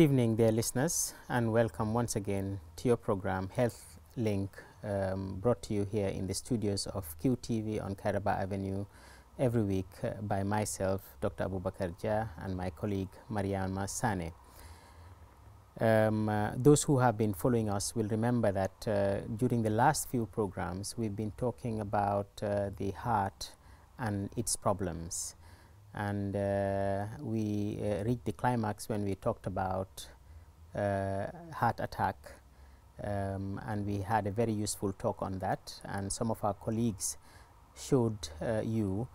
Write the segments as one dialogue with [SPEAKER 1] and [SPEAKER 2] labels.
[SPEAKER 1] Good evening, dear listeners, and welcome once again to your program Health Link, um, brought to you here in the studios of QTV on Karaba Avenue every week uh, by myself, Dr. Abubakar Jah, and my colleague Mariama Sane. Um, uh, those who have been following us will remember that uh, during the last few programs, we've been talking about uh, the heart and its problems and uh, we uh, reached the climax when we talked about uh, heart attack um, and we had a very useful talk on that and some of our colleagues showed you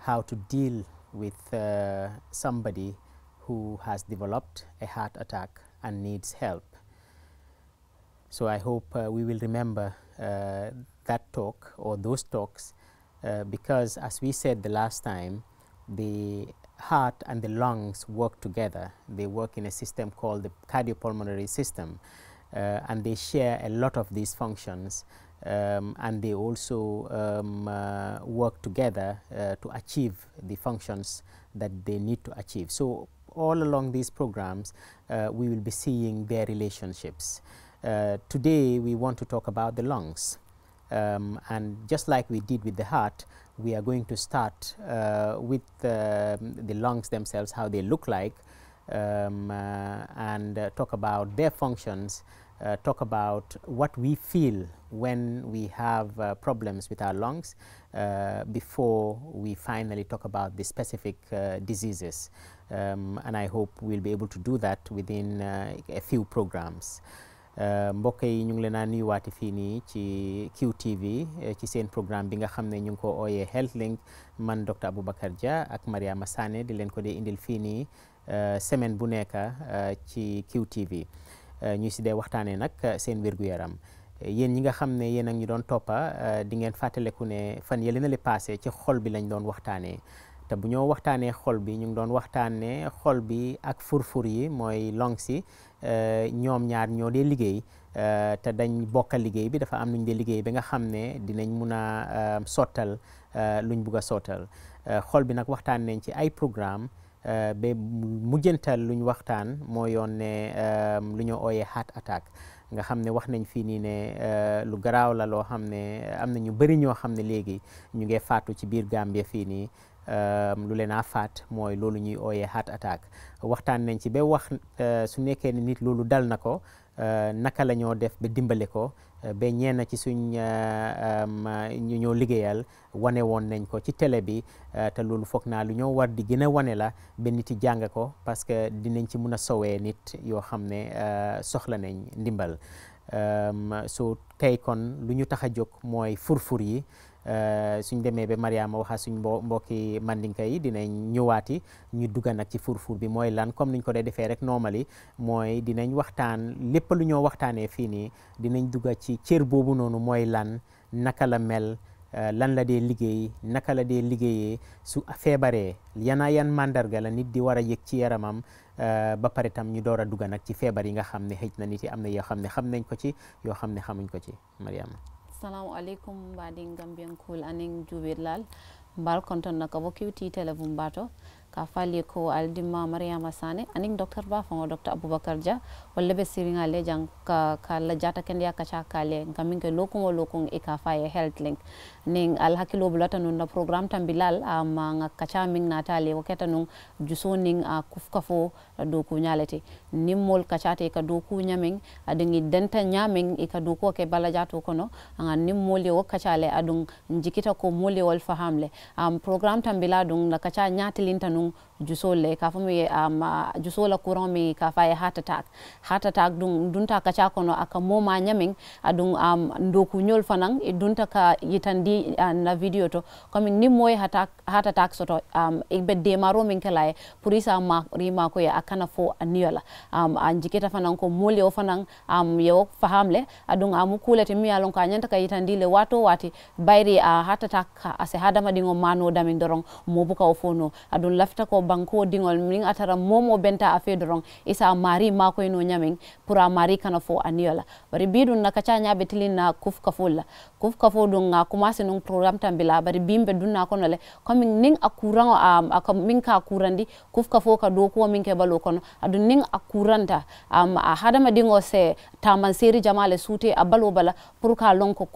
[SPEAKER 1] how to deal with uh, somebody who has developed a heart attack and needs help. So I hope uh, we will remember uh, that talk or those talks because as we said the last time the heart and the lungs work together. They work in a system called the cardiopulmonary system uh, and they share a lot of these functions um, and they also um, uh, work together uh, to achieve the functions that they need to achieve. So all along these programs uh, we will be seeing their relationships. Uh, today we want to talk about the lungs um, and just like we did with the heart we are going to start uh, with the, uh, the lungs themselves, how they look like um, uh, and uh, talk about their functions, uh, talk about what we feel when we have uh, problems with our lungs before we finally talk about the specific diseases. Um, and I hope we'll be able to do that within a few programs. Euh, mbokk yi ñu ngi leen a nuyuwaati fii nii ci QTV eh, ci seen programme bi nga xam ne ñu ngi ko ooyee Health Link man docteur Aboubacar ja ak Mariama Sané di leen ko di indil fii nii eh, semaine bu nekk eh, ci QTV ñu si dee waxtaanee nag seen wér yaram yéen ñi nga xam ne yéen a ñu doon toppa di ngeen fàttaleku ne fan yële na li paase ci xol bi lañ doon waxtaanee. te bu ñoo waxtaanee xol bi ñu ngi doon waxtaane xol bi ak furfur yi mooy longs yi eh, ñoom ñaar ñoo dee liggéey eh, te dañ bokka liggéey bi dafa am luñ dee liggéey bi nga xam ne dinañ mun a eh, sottal luñ bugg a sottal xol bi nag waxtaan nañ ci ay programme ba mujjantal luñ waxtaan moo yoon ne lu ñu ooyee heart attack nga xam ne wax nañ fii nii ne lu garaaw la loo xam ne am na ñu bëri ñoo xam ne léegi ñu nge faatu ci biir Gambia fii nii Ehm, lu leen a faat mooy loolu ñuy ooyee heart attack waxtaan nañ ci ba wax eh, su nekkee ne nit loolu dal na ko eh, naka la ñoo def ba dimbale ko eh, ba ñenn ci suñ ehm, ñu ñoo liggéeyal wane woon nañ ko ci tele bi te loolu foog naa lu ñoo war di gën a wane la ba nit yi ko parce que dinañ ci mun a sowee nit yoo xam ne soxla nañ ndimbal ehm, so tey kon lu ñu tax a jóg mooy furfur yi. Eh, suñ demee ba Mariama waxa suñ mbo mbokki mandinka yi dinañ ñëwaati ñu dugga nag ci furfur bi mooy lan comme niñ ko dee defee rek normally mooy dinañ waxtaan lépp lu ñoo waxtaanee fii nii dinañ dugga ci cër boobu noonu mooy lan naka la mel eh, lan la dee liggéey naka la dee liggéeyee su feebaree yana yan màndarga la nit di war a yëg ci yaramam eh, ba pare tam ñu door a dugga nag ci feebar yi nga xam ne xëj na nit am na yoo xam ne xam nañ ko ci yoo xam ne xamuñ ko ci Mariama
[SPEAKER 2] assalamu aleykum Gambian kul aning anen lal mbal konton na kabo kiuti tele vumbato ka fali ko aldima mariama sane aning docteur ba fango docteur abubakar ja walla be siringa le jang ka kala jata ken ya kacha kale ngamin ke lokungo lokum e ka faye health link ning al hakilo bulata nun na program tambilal ama nga kacha ming natale waketa nun juso ning a kuf kufkafo do ku nyalete kunyalete nimmol kacha te ka do ku kunyaming adingi denta nyaming e ka do ko ke bala jato kono anga nimmol yo kacha le adung njikita ko mol wal fahamle um, program tambila dung la kacha nyatilinta nun jusole ka fo mi um, uh, jusola courant mi ka fa heart attack heart attack dun dunta ka cha kono aka moma nyamin adun um, ndoku nyol fanang e dunta ka yitandi uh, na video to komi ni moy attack heart attack soto um, e be de maro min kala e purisa ma ma ko ya akana fo aniola um, anjiketa uh, fanang ko mole o fanan um, yo fahamle adun amu uh, kulete mi alon ka nyanta ka yitandi le wato wati bayri uh, heart attack ase hadama dingo mano damin dorong mobuka o fono adun lafta ko banko dingol min atara momo benta afe dorong isa mari ma ko ino nyamin pura mari kana fo aniola bari bidun na kacha nyabe tilin na kuf kafola kuf kafo dun nga kuma sinung program tambila bari bimbe dun na kono le ning akuran um, aka ka kurandi kuf kafo ka do ko min kono adun ning akuranta um, hadama dingo se taman seri jamale sute a bala pour ka lon ko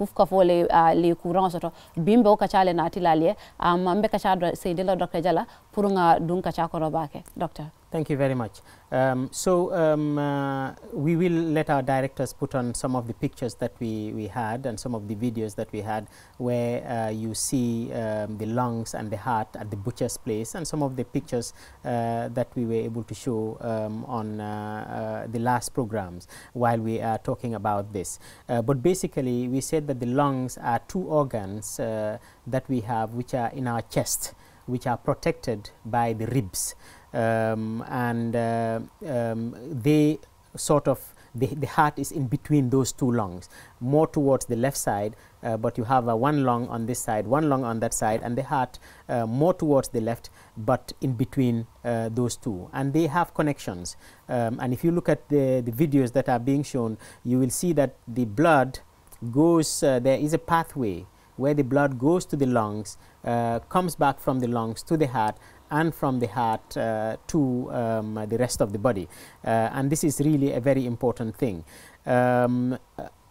[SPEAKER 2] le uh, le kuran soto bimbe o kacha le na tilale um, ambe kacha do se dela dr Doctor.
[SPEAKER 1] Thank you very much. Um, so um, uh, we will let our directors put on some of the pictures that we, we had and some of the videos that we had where uh, you see um, the lungs and the heart at the butcher's place and some of the pictures uh, that we were able to show um, on uh, uh, the last programs while we are talking about this. Uh, but basically we said that the lungs are two organs that we have which are in our chest which are protected by the ribs um, and uh, um, they sort of the, the heart is in between those two lungs more towards the left side uh, but you have a one lung on this side one lung on that side and the heart uh, more towards the left but in between uh, those two and they have connections um, and if you look at the, the videos that are being shown you will see that the blood goes uh, there is a pathway where the blood goes to the lungs uh, comes back from the lungs to the heart and from the heart uh, to um, the rest of the body. Uh, and this is really a very important thing. Um,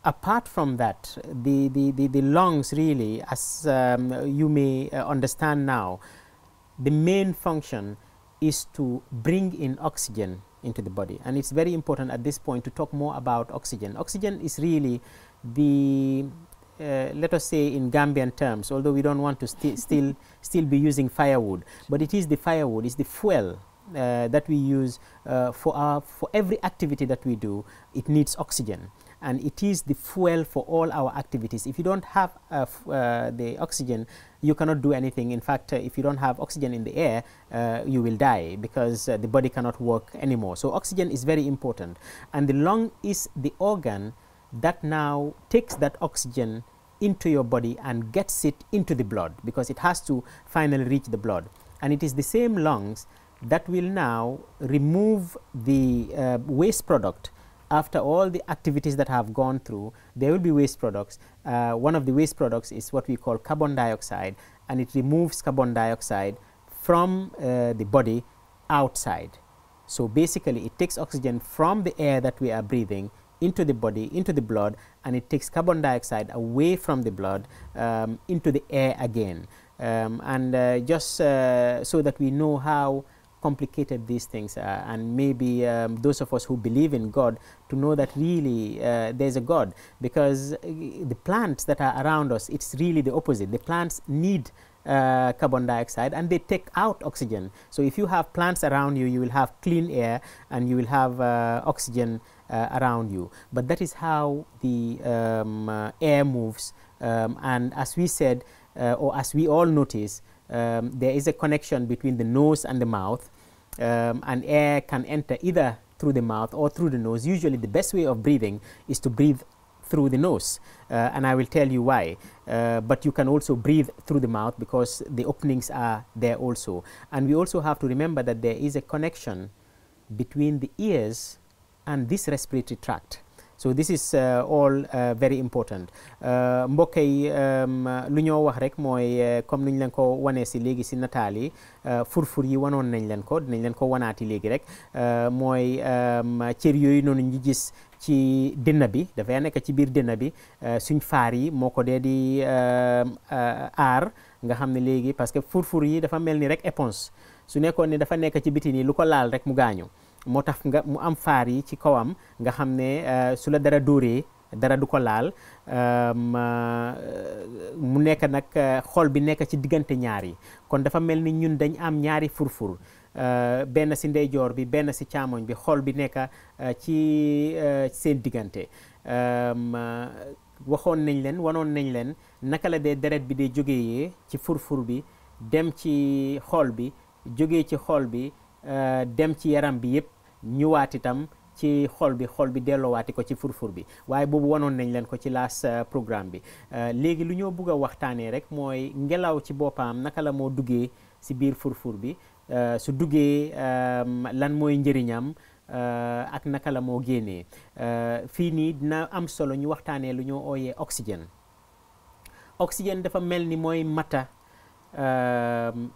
[SPEAKER 1] apart from that, the, the, the, the lungs really, as um, you may uh, understand now, the main function is to bring in oxygen into the body. And it's very important at this point to talk more about oxygen. Oxygen is really the uh, let us say in Gambian terms, although we don't want to sti still still be using firewood, but it is the firewood, it's the fuel uh, that we use uh, for our for every activity that we do. It needs oxygen, and it is the fuel for all our activities. If you don't have uh, uh, the oxygen, you cannot do anything. In fact, if you don't have oxygen in the air, you will die because the body cannot work anymore. So oxygen is very important, and the lung is the organ that now takes that oxygen into your body and gets it into the blood because it has to finally reach the blood. And it is the same lungs that will now remove the uh, waste product after all the activities that have gone through, there will be waste products. Uh, one of the waste products is what we call carbon dioxide, and it removes carbon dioxide from uh, the body outside. So basically, it takes oxygen from the air that we are breathing into the body, into the blood, and it takes carbon dioxide away from the blood um, into the air again. Um, and uh, just uh, so that we know how complicated these things are, and maybe um, those of us who believe in God to know that really uh, there's a God, because uh, the plants that are around us, it's really the opposite. The plants need uh, carbon dioxide and they take out oxygen. So if you have plants around you, you will have clean air and you will have uh, oxygen uh, around you. But that is how the um, uh, air moves. Um, and as we said, uh, or as we all notice, um, there is a connection between the nose and the mouth. Um, and air can enter either through the mouth or through the nose. Usually, the best way of breathing is to breathe through the nose, uh, and I will tell you why. Uh, but you can also breathe through the mouth because the openings are there also. And we also have to remember that there is a connection between the ears and this respiratory tract so this is uh, all uh, very important uh, mbokk yi um, lu ñoo wax rek mooy comme nuñ leen ko wanee si léegi si nataal yi furfur yi wanoon nañ leen ko dinañ leen ko wanaati léegi rek mooy um, cër yooyu noonu ñu gis ci dënn bi dafay nekk ci biir dënn bi suñ faar yi moo ko dee di um, aar nga xam ne léegi parce que furfur yi dafa mel ni rek éponge su nekkoon ni dafa nekk ci biti nii lu ko laal rek mu gaañu moo tax nga mu am faar yi ci kawam nga xam ne euh, su la dara dóoree dara du ko laal euh, euh, mu nekk nag xool bi nekk ci diggante ñaar yi kon dafa mel ni ñun dañ am ñaari furfur benn si ndeyjoor bi benn si càmmoñ bi xool bi nekk ci seen diggante waxoon nañ leen wanoon nañ leen naka la dee deret bi dee jógee ci furfur bi dem ci xool bi jógee ci xool bi Euh, dem ci yaram bi yëpp ñëwaat itam ci xol bi xol bi delloowaati ko ci furfur bi waaye boobu wanoon nañ leen ko ci laas euh, programme bi euh, léegi lu ñoo bugg a waxtaanee rek mooy ngelaw ci boppam naka la moo duggee si biir furfur bi su duggee lan mooy njëriñam ak naka la moo génnee fii nii dina am solo ñu waxtaanee lu ñoo ooyee oxygène oxygène dafa mel ni mooy mata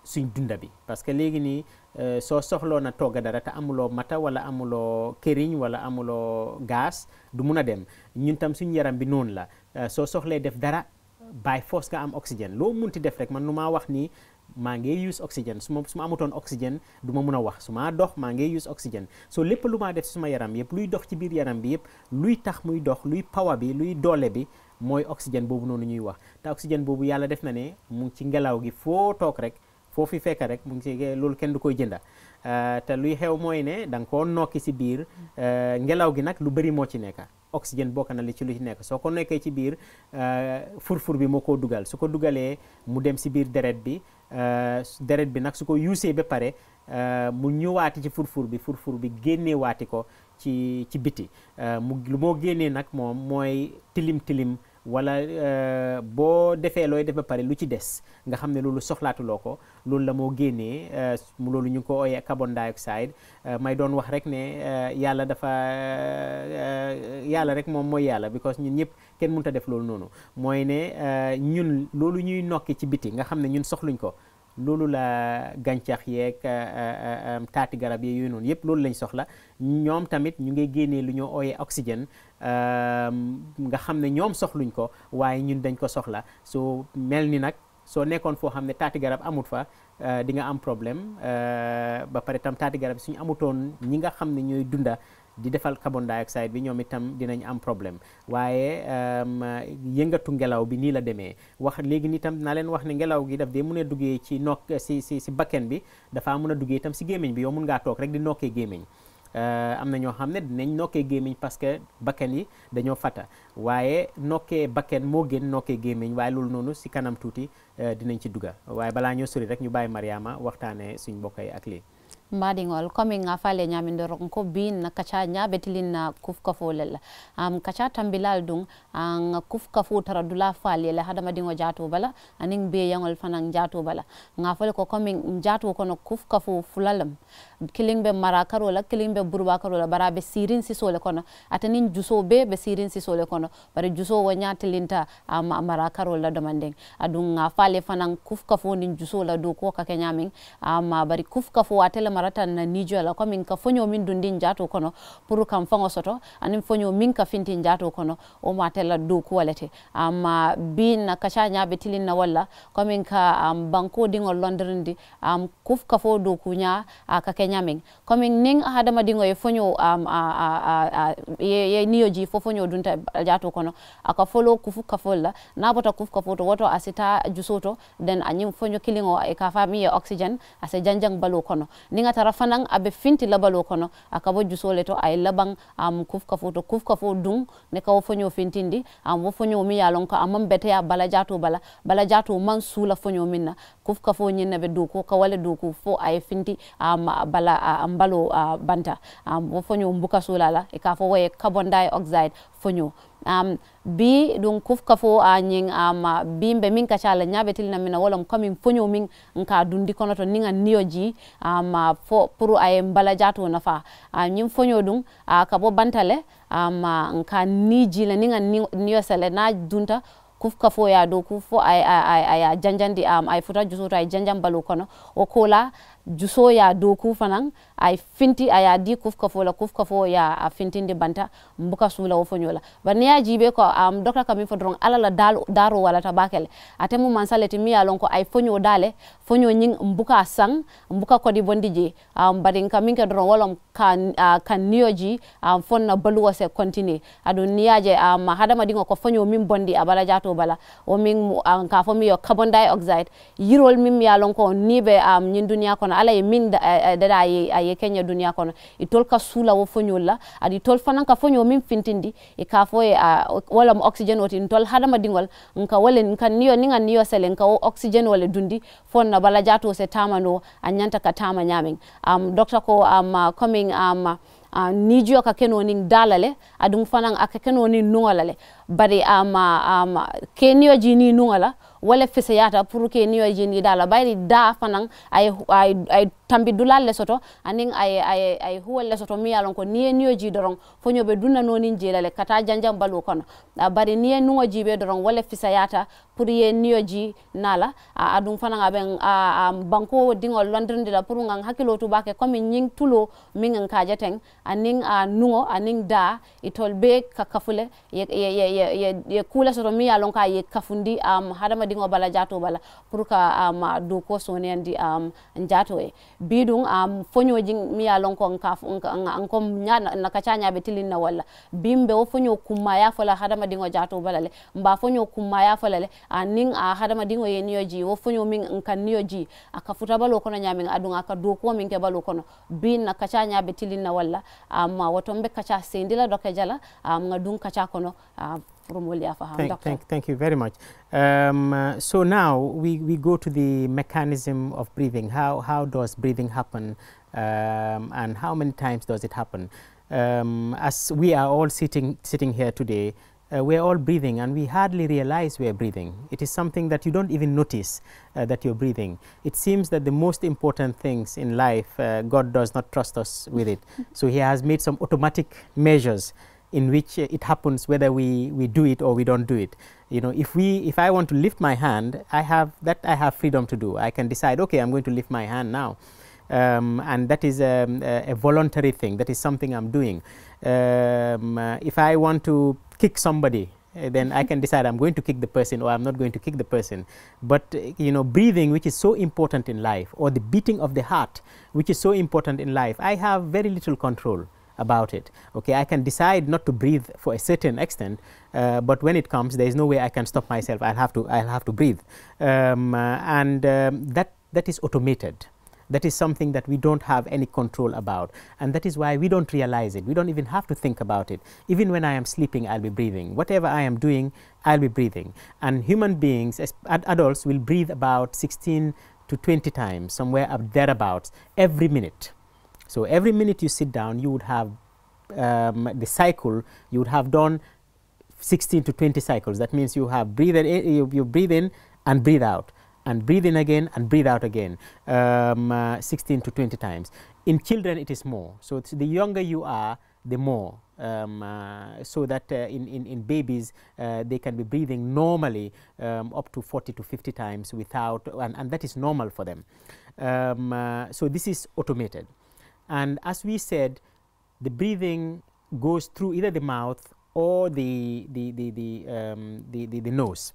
[SPEAKER 1] suñ dunda bi parce léegi nii Eh, so soxlo na toga dara ta amulo mata wala amulo kerign wala amulo gas du muna dem ñun tam suñu yaram bi non la eh, so def dara by force ga am oxygen lo munti def rek man numa wax ni ma ngi use oxygen suma suma amuton oxygen wax suma dox ma use oxygen so lepp luma def suma yaram yep luy dox ci bir yaram bi yep luy tax muy dox luy power bi luy dole bi moy oxygen bobu nonu ñuy wax ta oxygen bobu yalla def na ne mu ci ngelaw gi fo tok rek foo fi fekk rek mu ngi si loolu kenn du koy jënda euh, te luy xew mooy ne da nga koo nokki si biir euh, ngelaw gi nag lu bëri moo ci nekk oxygène bokk na li ci lu ci nekk soo ko nekkee ci biir euh, furfur bi moo koo dugal su ko dugalee mu dem si biir deret bi deret bi nag su ko yuusee ba pare mu ñëwaati ci fur bi furfur bi génnee waati ko ci ci biti mu lu moo génnee nag moom mooy tilim tilim wala euh, boo defee looy def ba pare lu ci des nga xam ne loolu soxlaatuloo ko loolu la moo génnee euh, loolu ñu ngi ko ooyee carbon dioxide euh, may doon wax rek ne yàlla dafa yàlla rek moom mooy yàlla because ñun ñëpp kenn mënut a def loolu noonu mooy ne ñun loolu ñuy nokki ci biti nga xam ne ñun soxluñ ko loolu la gàncax yeeg euh, euh, euh, taati garab yi yooyu noonu yëpp loolu lañ soxla ñoom tamit ñu ngi génnee lu ñoo ooyee oxygène nga xam ne ñoom soxluñ ko waaye ñun dañ ko soxla soo mel ni nag soo nekkoon foo xam ne taati garab amut fa di nga am problème ba pare tam taati garab suñu amutoon ñi nga xam ne ñooy dunda di defal carbon dioxide bi ñoom itam dinañ am problème waaye euh, yëngatu ngelaw bi nii la demee wax léegi nii tam naa leen wax ne ngelaw gi daf dee mun a duggee ci nokk si si si bakken bi dafaa mun a duggee itam si gémmiñ bi yow mun ngaa toog rek di nokkee gémmiñ euh, am na ñoo xam ne dinañ nokkee gémmiñ parce que bakken yi dañoo fata waaye nokkee bakken moo gën nokkee gémmiñ waaye loolu noonu si kanam tuuti euh, dinañ ci dugga waaye balaa ñoo sori rek ñu bàyyi Mariama waxtaanee suñ mbokk yi ak lii
[SPEAKER 2] madingol coming afale ñamidorokon ko bin na kaca na kufka folel um, kacha tambilal dung an kufka taradula tara dula hada madingo jato bala aning be yangol fanang jato bala nga fole ko komin jato kono kufka fo fulalem kiliŋ be marakaro la kiliŋ be burubakaro la bara a be sirin sisoo le kono ataniŋ juso be be sirin sisoo le kono bari juso wo ñaatilinta ah, a marakaro la domandeŋ aduŋ a faale fanaŋ kuf kafoo niŋ juso la dookuo ka ke ñaamiŋ ama ah, bari kuf kafoo ate le marata na niijo la komiŋ ka foñoo min dundin jaatoo kono pour kam faŋo soto aniŋ foñoo min ka fintin jaatoo kono wo mu ate la dookuwo le te ama ah, biŋ na kaca ñaa tilin na walla komiŋ ka am banko diŋol londirindi am kuf kafoo dookuñaa a ka ke ke ñaming coming ning hadama dingo ye foño um, a, a, a, a, ye, ye niyo ji fo foño dunta jato kono aka folo kufu kafol la na bota kufu kafoto woto asita jusoto den anyim foño kilingo e ka fami ye oxygen ase janjang balo kono ninga tara fanan abe finti labalo balo kono aka bo jusole to ay labang am um, kufu kafoto kufu kafo dung ne ka fonyo fintindi am um, wo mi yalon ko amam bete ya bala jato bala bala jato man sula foño minna kufu kafo nyinna be duko ka wala duko fo ay finti am um, bala ambalo banta um, wo fonyo mbuka sulala e ka fo waye carbon dioxide fonyo um, bi ɗum kufka fo a uh, ñing um, uh, min kacala na mina wolam komin foño min nka dundi kono to ninga niyo ji um, fo pour aye mbala jato nafa uh, ñin foño ɗum uh, bo bantale um, nka ni la ninga niyo sele na dunta kufka fo ya do kufo ay, ay, ay, ay janjandi um, ay futa jusuto ay janjam balu kono o kola juso ya do fanan ay finti aya di kuf kafo la kuf kafo ya a de banta mbuka sula wo nyola bani ya jibe ko am dokta kami fo dron ala la dal daro wala tabakel atemu mansaleti mi alon ko ay fonyo dale fonyo nyin mbuka sang mbuka ko di je am badin kami ke dron wolom kan kan niyoji am um, fonna baluwa se continue adu niyaje am hadama dingo ko fonyo min bondi abala jato bala o min ka fo mi yo carbon dioxide yirol min ya alon ko nibe am um, duniya kono kono ala e min dada aye kenya duniya kono i tol ka suula wo foñol la aɗa tol fanan ka foño min fintindi e ka fo e wala mo oxygéne woti n tol hadamadiŋol nka wala nka niyo niŋa niyo sele nka wo wala dundi fonna bala jato se tamano a ñanta ka tama am um, docteur ko um, uh, coming um, uh, uh, ka keno nin dalale adun fanan aka keno nin nuŋa bari um, um, ke niyo ji ni nuŋa la wala fese yata pour ke ni yo jindi dala bayri da fanan ay ay ay tambi dulal lesoto anin ay ay ay huwal lesoto mi yalon ko niye niyo ji doron fonyo be dunna nonin jelale kata janjam balu kono a bari niye nuwo ji be doron wala fisayata pour ye niyo ji nala a adum fana ngabe a, a banko dingo londrinde la pour ngang hakilo to bake comme nying tulo min ngang ka jaten anin a nuwo anin da itol be kakafule ye ye ye ye, ye, ye kula soto mi yalon ka ye kafundi am um, hadama dingo bala jato bala pour ka am um, do ko sonandi am um, jato e bidun um, fonyoji miya lonko nko nakaca na tilinna walla bimɓe wo foño kummaya fola hadama dingo jato balale mba foño kummaya folale aning a hadama dingo ye niyo ji wo foño min nka niyo ji aka futa balo kono ñamin adun aka ko min ke balo kono bi nakaca ñaɓe tilinna walla um, wotomɓe kaca sendila doke jala um, nga dun kaca kono um, Thank, thank,
[SPEAKER 1] thank you very much. Um, uh, so now we, we go to the mechanism of breathing. How, how does breathing happen um, and how many times does it happen? Um, as we are all sitting, sitting here today, uh, we're all breathing and we hardly realize we're breathing. It is something that you don't even notice uh, that you're breathing. It seems that the most important things in life, uh, God does not trust us with it. so He has made some automatic measures in which uh, it happens whether we, we do it or we don't do it. You know, if we if I want to lift my hand, I have that I have freedom to do. I can decide, okay, I'm going to lift my hand now. Um, and that is um, a, a, voluntary thing. That is something I'm doing. Um, uh, if I want to kick somebody, uh, then I can decide I'm going to kick the person or I'm not going to kick the person. But uh, you know, breathing, which is so important in life, or the beating of the heart, which is so important in life, I have very little control about it. Okay, I can decide not to breathe for a certain extent, uh, but when it comes, there is no way I can stop myself. I'll have to. I'll have to breathe, um, uh, and um, that that is automated. That is something that we don't have any control about, and that is why we don't realize it. We don't even have to think about it. Even when I am sleeping, I'll be breathing. Whatever I am doing, I'll be breathing. And human beings, adults, will breathe about 16 to 20 times, somewhere up thereabouts, every minute. So every minute you sit down, you would have um, the cycle, you would have done 16 to 20 cycles. That means you have breathe in, you, you breathe in and breathe out and breathe in again and breathe out again um, uh, 16 to 20 times. In children it is more. So the younger you are the more um, uh, so that uh, in, in, in, babies uh, they can be breathing normally um, up to 40 to 50 times without and, and that is normal for them. Um, uh, so this is automated. And as we said, the breathing goes through either the mouth or the, the, the, the, um, the, the, the, nose.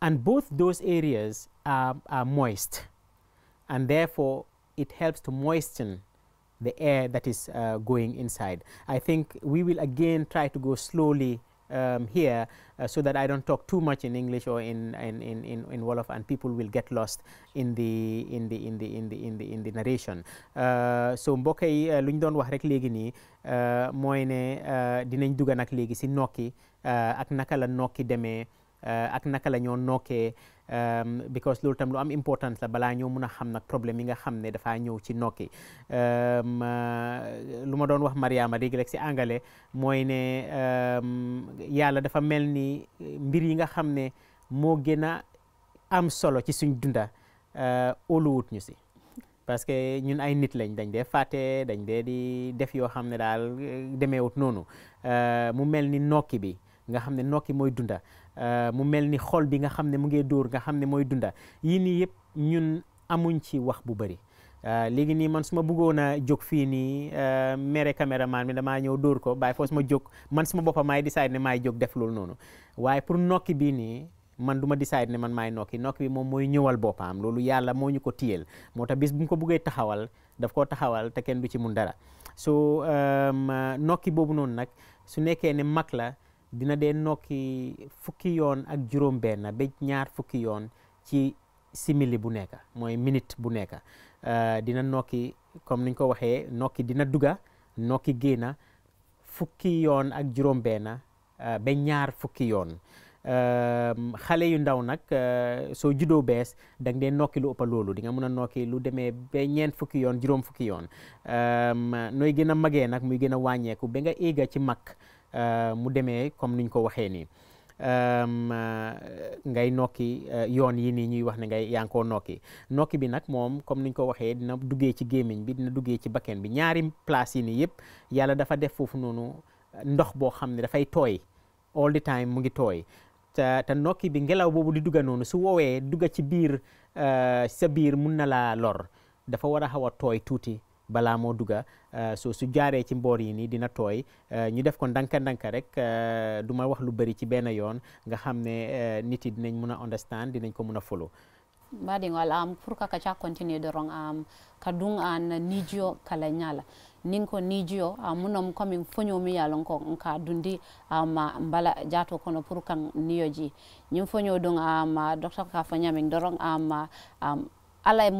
[SPEAKER 1] And both those areas are, are moist, and therefore it helps to moisten the air that is uh, going inside. I think we will again try to go slowly um, here uh, so that I don't talk too much in English or in in, in, in, in Wolof and people will get lost in the in the in the in the in the, in the narration uh, so mbokk yi uh, lu ñu doon wax rek léegi nii uh, mooy ne uh, dinañ dugg si nokki ak naka la nokki deme. Eh, ak naka la ñoo nokkee ehm, because loolu tam lu am importance la balaa ñoo mun a xam nag problème yi nga xam ne dafaa ñëw ci nokki ehm, eh, lu ma doon wax Mariama léegi rek si angale mooy ne ehm, yàlla dafa mel ni mbir yi nga xam ne moo gën a am solo ci suñ dunda eh, óoluwut ñu si parce que ñun ay nit lañ dañ dee fàtte dañ dee di def yoo xam ne daal demee demeewut noonu mu mel ni nokki bi nga xam ne nokki mooy dunda Euh, mu mel ni xol bi nga xam ne mu ngee dóor nga xam ne mooy dunda yii nii yëpp ñun amuñ ci wax bu bëri euh, léegi nii man su ma bëggoon a jóg fii nii euh, mere caméraman mi damaa ñëw dóor ko bàyyi foofu su jóg man suma boppa maay décide ne maay jóg def loolu noonu waaye pour nokki bii nii man du ma décide ne man maay nokki nokki bi moom mooy ñëwal boppam loolu yàlla moo ñu ko téyel moo tax bis bu mu ko buggee taxawal daf koo taxawal te kenn du ci mun dara boobu noonu nag su nekkee ne mag la dina dee nokki fukki yoon ak juróom benn ba ñaar fukki yoon ci simili bu nekk mooy minit bu nekk euh, dina nokki comme niñ ko waxee nokki dina duga nokki génna fukki yoon ak juróom benn euh, ba ñaar fukki yoon euh, xale yu ndaw nag soo juddoo bees da nga nokki lu loolu di nga mun a nokki lu demee ba ñeent fukki yoon juróom fukki yoon nooy gën a magee nag muy gën a wàññeeku ba nga éega ci mag Euh, mu demee comme niñ ko waxee nii euh, ngay nokki euh, yoon yi nii ñuy wax na ngay yaa ngi koo nokki nokki bi nag moom comme niñ ko waxee dina duggee ci gémmiñ bi dina duggee ci bakken bi ñaari place yi nii yëpp yàlla dafa def foofu noonu ndox boo xam ne dafay tooy all the time mu ngi tooy te te nokki bi ngelaw boobu di dugga noonu su woowee dugga ci biir sa biir mun na laa lor dafa war a xaw a tooy tuuti balaa moo dugga euh, so su jaaree ci mboor yi nii dina tooy euh, ñu def ko ndànka-ndànka rek euh, du ma wax lu bëri ci benn yoon nga xam ne nit yi dinañ mun a understand dinañ ko mun a follow
[SPEAKER 2] mbaɗigol am pour que kaca continue doron am ka ɗum an nijiyo kala ñala nin ko nijiyo a munom komin foñomi yalon ko ka dundi ama mbala jato kono pour kan niyoji ñin foño ɗum ama docteur ka foñamin doron ama um, ala ye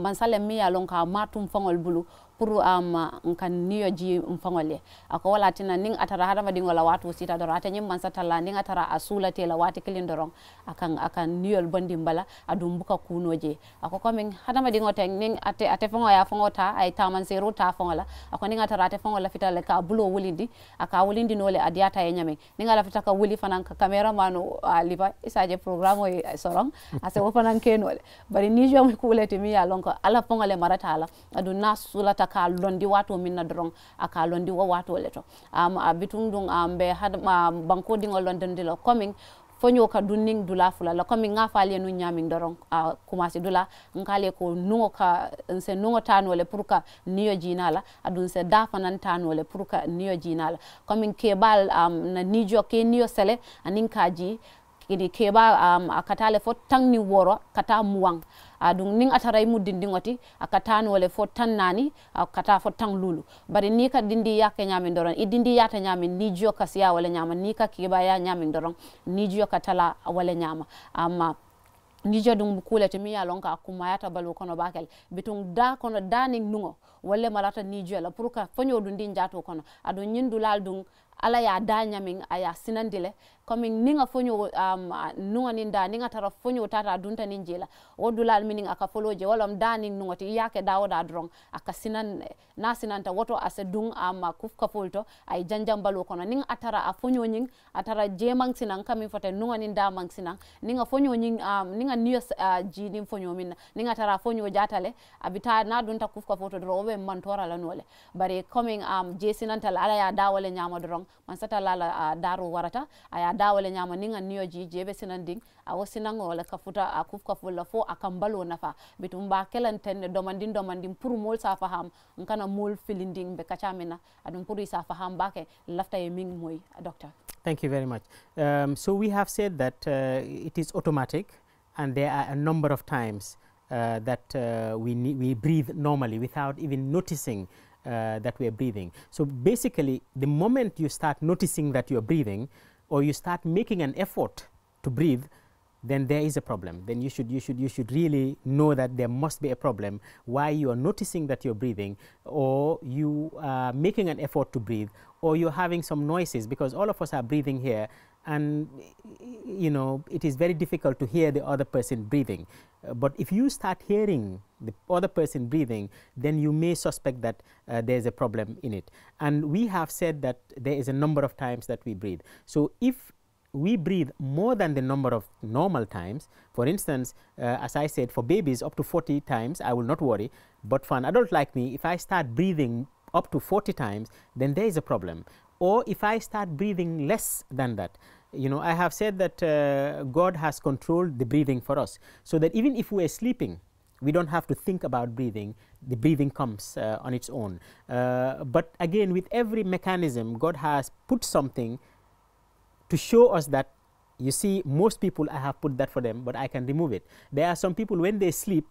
[SPEAKER 2] masala min ye a lɔn k'a ma tun fɛngɛl bulu puru am nkan niyo ji mfangole ako wala tina ning atara hadama dingo la watu sita doro ate nyimman satala ning atara asula te la wati kilin dorong akan akan niyo bondi mbala adum buka kunoje ako coming hadama dingo te ning ate ate fongo ya fongo ta ay taman zero ta fango la ako ning atara ate fango la fita le ka bulo wulindi aka wulindi nole adiata ye nyame ning ala fita ka wuli fanan ka camera manu aliba isaje programo sorong ase wo fanan kenole bari ni jom kulete mi ya lonko ala fango le marata ala adu nasula ta aka londi wato minna doron aka londi wo wato leto to um, a uh, bitun dun um, be had um, um banko dingo london dilo coming fonyo ka dunning dula fula la coming nga fali nu nyaming doron a uh, kumasi dula ngale ko nungo ka nse nungo tano le purka niyo jinala adun se dafa nan tano le purka niyo jinala coming kebal um, na nijo ke niyo sele aninkaji kaji idi keba um, akata fo tang ni woro kata muwang adung ning atarai mu dindingoti akata ni fo tan nani akata fo tan lulu bari ni ka dindi ya ke nyamin doron i dindi ya ta nyamin ni jio kasiya wala nyama ni ka keba ya nyamin doron ni jio katala wala nyama amma um, nijo dum bukule to miya lonka kuma yata balu kono bakel bitung da kono daning nungo wala malata nijo la pour fanyo dun din jato kono ado nyindulal dun ala ya da nyamin aya sinandile coming ninga fonyo um, nunga ninda ninga tara fonyo tata dunta ninjela o dulal mining aka foloje walam daning nungoti yake dawo da drong aka sinan na sinanta woto ase dung ama um, kufka folto ay janjam balo kono ninga atara a fonyo nying atara jemang sinan kami fote nunga ninda mang sinan ninga fonyo nying um, ninga nios uh, jidin fonyo minna ninga tara fonyo jatale abita na dunta kufka folto dro be mantora la nole bare coming um, jesinanta ala ya dawale nyama drong man sata la uh, daro warata aya a dawale nyama ninga niyo ji jebe sinan ding a wasinango wala kafuta a kuf fulla fo a kambalo nafa bitum ba kelan tenne domandin domandin pour mol sa faham nkana mol filinding be kachamina adum pour sa faham bake lafta ye ming moy doctor
[SPEAKER 1] thank you very much um, so we have said that uh, it is automatic and there are a number of times uh, that uh, we we breathe normally without even noticing uh, that we are breathing so basically the moment you start noticing that you are breathing or you start making an effort to breathe, then there is a problem. Then you should, you, should, you should really know that there must be a problem. Why you are noticing that you're breathing, or you are making an effort to breathe, or you're having some noises, because all of us are breathing here and you know it is very difficult to hear the other person breathing. Uh, but if you start hearing the other person breathing, then you may suspect that uh, there is a problem in it. And we have said that there is a number of times that we breathe. So if we breathe more than the number of normal times. For instance, uh, as I said, for babies up to 40 times, I will not worry. But for an adult like me, if I start breathing up to 40 times, then there is a problem or if I start breathing less than that you know I have said that uh, God has controlled the breathing for us so that even if we are sleeping we don't have to think about breathing the breathing comes uh, on its own uh, but again with every mechanism God has put something to show us that you see most people I have put that for them but I can remove it there are some people when they sleep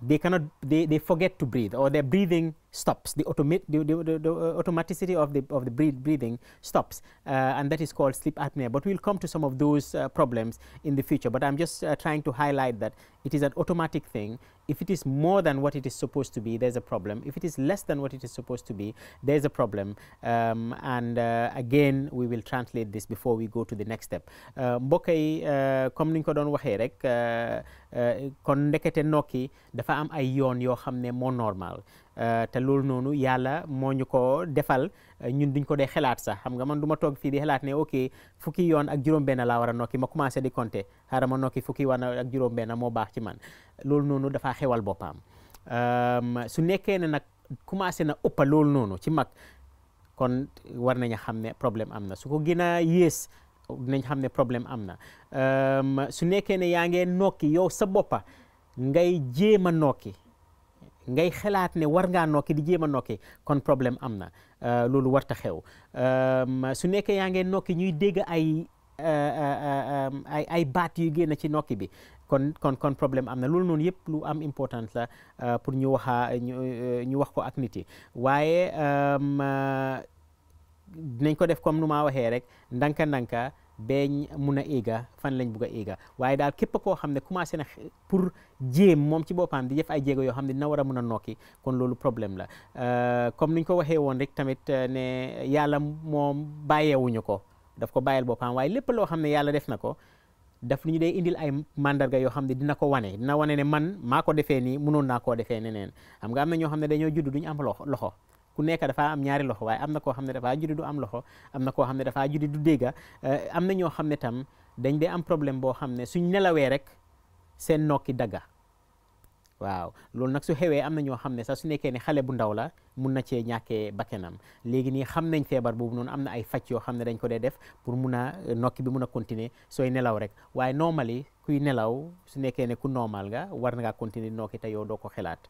[SPEAKER 1] they cannot they, they forget to breathe or their breathing stops the automate the, the, the, the uh, automaticity of the of the breathing stops uh, and that is called sleep apnea but we'll come to some of those uh, problems in the future but i'm just uh, trying to highlight that it is an automatic thing if it is more than what it is supposed to be there's a problem if it is less than what it is supposed to be there's a problem um, and uh, again we will translate this before we go to the next step mbokk yi niñ ko doon rek kon dafa am ay yoon yoo normal Euh, te loolu noonu yàlla moo ñu ko defal euh, ñun duñ ko dee xelaat sax xam nga man du ma toog fii di xelaat ne ok fukki yoon ak juróom-benn laa war a nokki ma commencé di compter xaaral ma nokki fukki yoon ak juróom-benn moo baax ci man loolu noonu dafaa xewal boppam euh, su nekkee ne nag commencé na ëppa loolu noonu ci mag kon war nañu xam ne problème am na su ko gën a yées dinañ xam ne problème am na su nekkee ne yaa ngee nokki yow sa boppa ngay jéem a nokki ngay xalaat ne war ngaa nokki di jéem a nokki kon problème am na euh, loolu warta xew euh, su nekkee yaa ngeen nokki ñuy dégg ay euh, ay ay baat yu génn ci nokki bi kon kon kon problème am na loolu noonu yëpp lu am important la pour ñu waxa ñu wax ko ak nit yi waaye dinañ ko def comme nu maa waxee rek ndanka ndanka be mun a iga fan lañ bugg a waaye daal képp koo xam ne commencé na pour jéem moom ci boppam di def ay jéego yoo xam ne dina war a mun a nokki kon loolu problème la euh, comme niñ ko waxee woon rek tamit euh, ne yàlla moom wuñu ko daf ko bàyyeel boppam waaye lépp loo xam ne yàlla def na ko daf nuñu day indil ay mandarga yoo xam ne dina ko wane dina wane ne man maa ko defee nii mënoon naa koo defee neneen xam nga am na ñoo xam ne dañoo judd duñu am loxo ku nekk dafaa am ñaari loxo waaye am na ko xam ne dafaa juddi du am loxo am na koo xam ne dafaa du dégga eh, am na ñoo xam ne tam dañ dee am problème boo xam ne suñ nelawee rek seen nokki dagga waaw loolu nag su xewee am na ñoo xam ne sax su nekkee ne xale bu ndaw la mun na cee ñàkkee bakkenam léegi nii xam nañ feebar boobu noonu am na ay faj yoo xam ne dañ ko dee def pour mun a eh, nokki bi mun a continuer sooy nelaw rek waaye normal yi kuy nelaw su nekkee ne ku normal nga war na ngaa continuer nokki te yow doo ko xelaat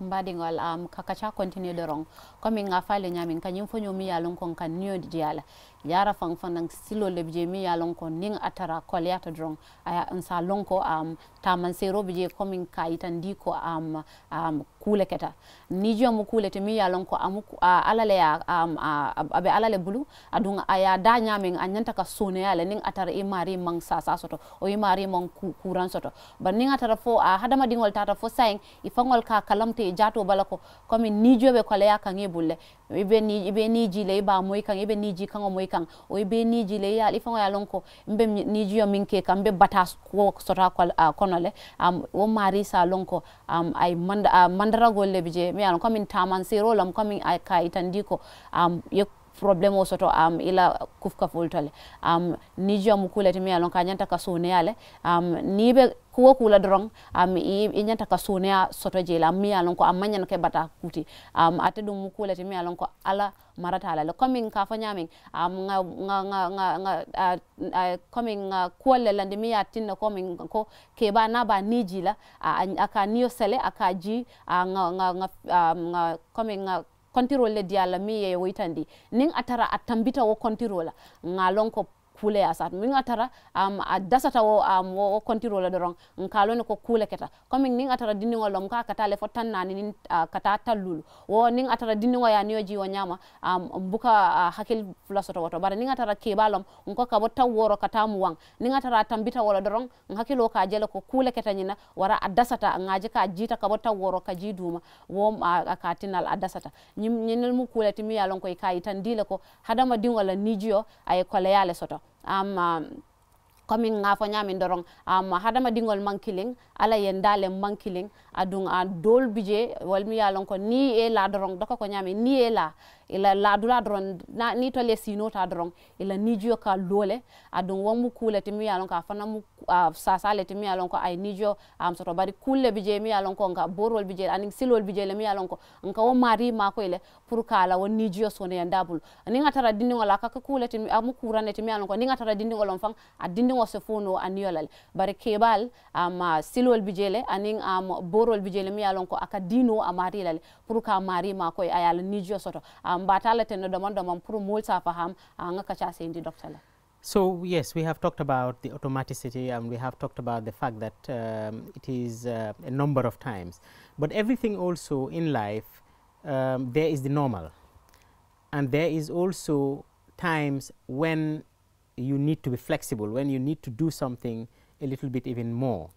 [SPEAKER 2] mbaɗigol am um, kakaca continue de rong comme min ñamin kañum fo ñomi yalon kon kan niyo jeyala yara fang fanang silo lebje mi ya lonko ning atara kolyata drong aya nsa lonko am um, taman sero bije coming ka itandi um, um, kule keta nijo mu te mi ya lonko amu uh, alale ya um, uh, abe alale bulu adunga aya da nyamin anyanta ka sone yale ning atara imari mang sasa soto o imari mang ku, kuran soto ba ning atara fo uh, hadama dingol tata fo saying ifangol ka kalamte jato balako komi nijo be kolya kangi bulle ibe ni ibe ni ji le ba moy kan ibe ni ji kan moy kan o ibe ni ji le ya ifan ya lonko mbe ni ji yo minke kan be bata ko sota ko uh, am um, wo mari sa lonko am um, ay mand uh, mandara golle bije mi an komin taman se rolam komin ay kai tandiko am um, ye problème o soto am um, ila kufka fultole am um, ni jom kuleti mi alon ka nyanta ka sune yale am um, ni be kuwo kula dorong um, i, nya ñanta ka suneya soto jela mi alon ko amanya no ke bata kuti um, ate ɗum mu kulati mi alon ko ala marata ala le commin ka mi am um, nga, nga, nga, nga, nga uh, uh, commin nga kuwol le mi atin tinna coming ko ba na ba niji la uh, a ka niyo sele aka ji uh, nga, nga, nga, um, nga commin nga kontirole le diyala mi ye witandi nin atara a wo kontirola nga ko kule asat minga tara um, a dasata wo um, wo, wo kontiro la dorong nkalo ne ko kule keta komi ninga tara dinningo lom ka kata le fotan tannani nin uh, kata talul wo ninga tara dinningo ya niyo wo nyama am um, buka uh, hakil fulasoto woto bara ke balom kebalom ko kabo taw woro kata mu wang ninga tara tambita wala dorong hakilo ka jele ko kule keta nyina wara a dasata ngaji ka jita kabo taw woro ka jiduma wo uh, ka tinal a dasata nyinel mu kule timi yalon ko ka itandile ko hadama dingo la nijio ay kole yale soto um, um, komin ngafo nyami dorong um, hadama dingol mankiling ala yen dale mankiling adung a dol bije wal mi yalon ko e la dorong doko ko nyami ni e la ila laadula doron na ni to le sino ta doron ila nijo ka lole adon wa mu kule timi yalon ka fana mu uh, sasale timi yalon ko ay nijo am soto bari bi bije mi yalon ko nga borol bije anin silol bije le mi yalon ko nka wo mari ma ko ile pour kala wo nijo sone yandabul ni ngatara dindi ngola ka kule timi amu kurane timi yalon ko ni ngatara dindi ngolon fang adindi ngo sefono aniolal bari kebal am um, bi bije le anin am um, bi bije le mi yalon ko aka dino amari lale mari nijo soto ah, teno domon domon faham anga ah, kacha sendi
[SPEAKER 1] so yes, we have talked about the automaticity and we have talked about the fact that um, it is uh, a number of times. But everything also in life, um, there is the normal. And there is also times when you need to be flexible, when you need to do something a little bit even more.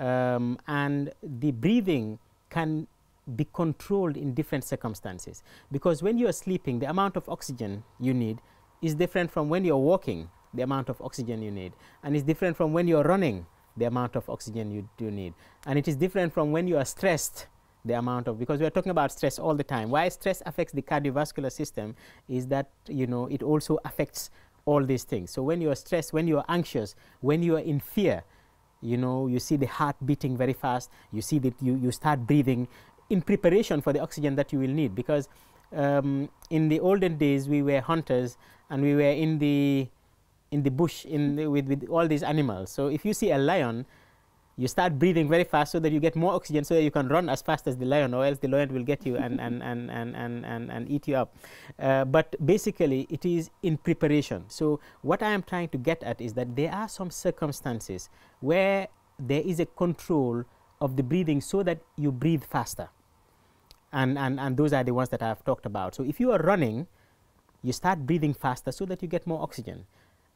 [SPEAKER 1] Um, and the breathing can be controlled in different circumstances. Because when you're sleeping, the amount of oxygen you need is different from when you're walking, the amount of oxygen you need. And it's different from when you're running, the amount of oxygen you do need. And it is different from when you are stressed, the amount of, because we're talking about stress all the time. Why stress affects the cardiovascular system is that, you know, it also affects all these things. So when you're stressed, when you're anxious, when you're in fear, you know, you see the heart beating very fast, you see that you, you start breathing, in preparation for the oxygen that you will need because um, in the olden days we were hunters and we were in the in the bush in the, with, with all these animals. So if you see a lion, you start breathing very fast so that you get more oxygen so that you can run as fast as the lion or else the lion will get you and, and, and, and, and, and, and, eat you up. Uh, but basically it is in preparation. So what I am trying to get at is that there are some circumstances where there is a control of the breathing so that you breathe faster. And, and, and those are the ones that I've talked about. So if you are running, you start breathing faster so that you get more oxygen.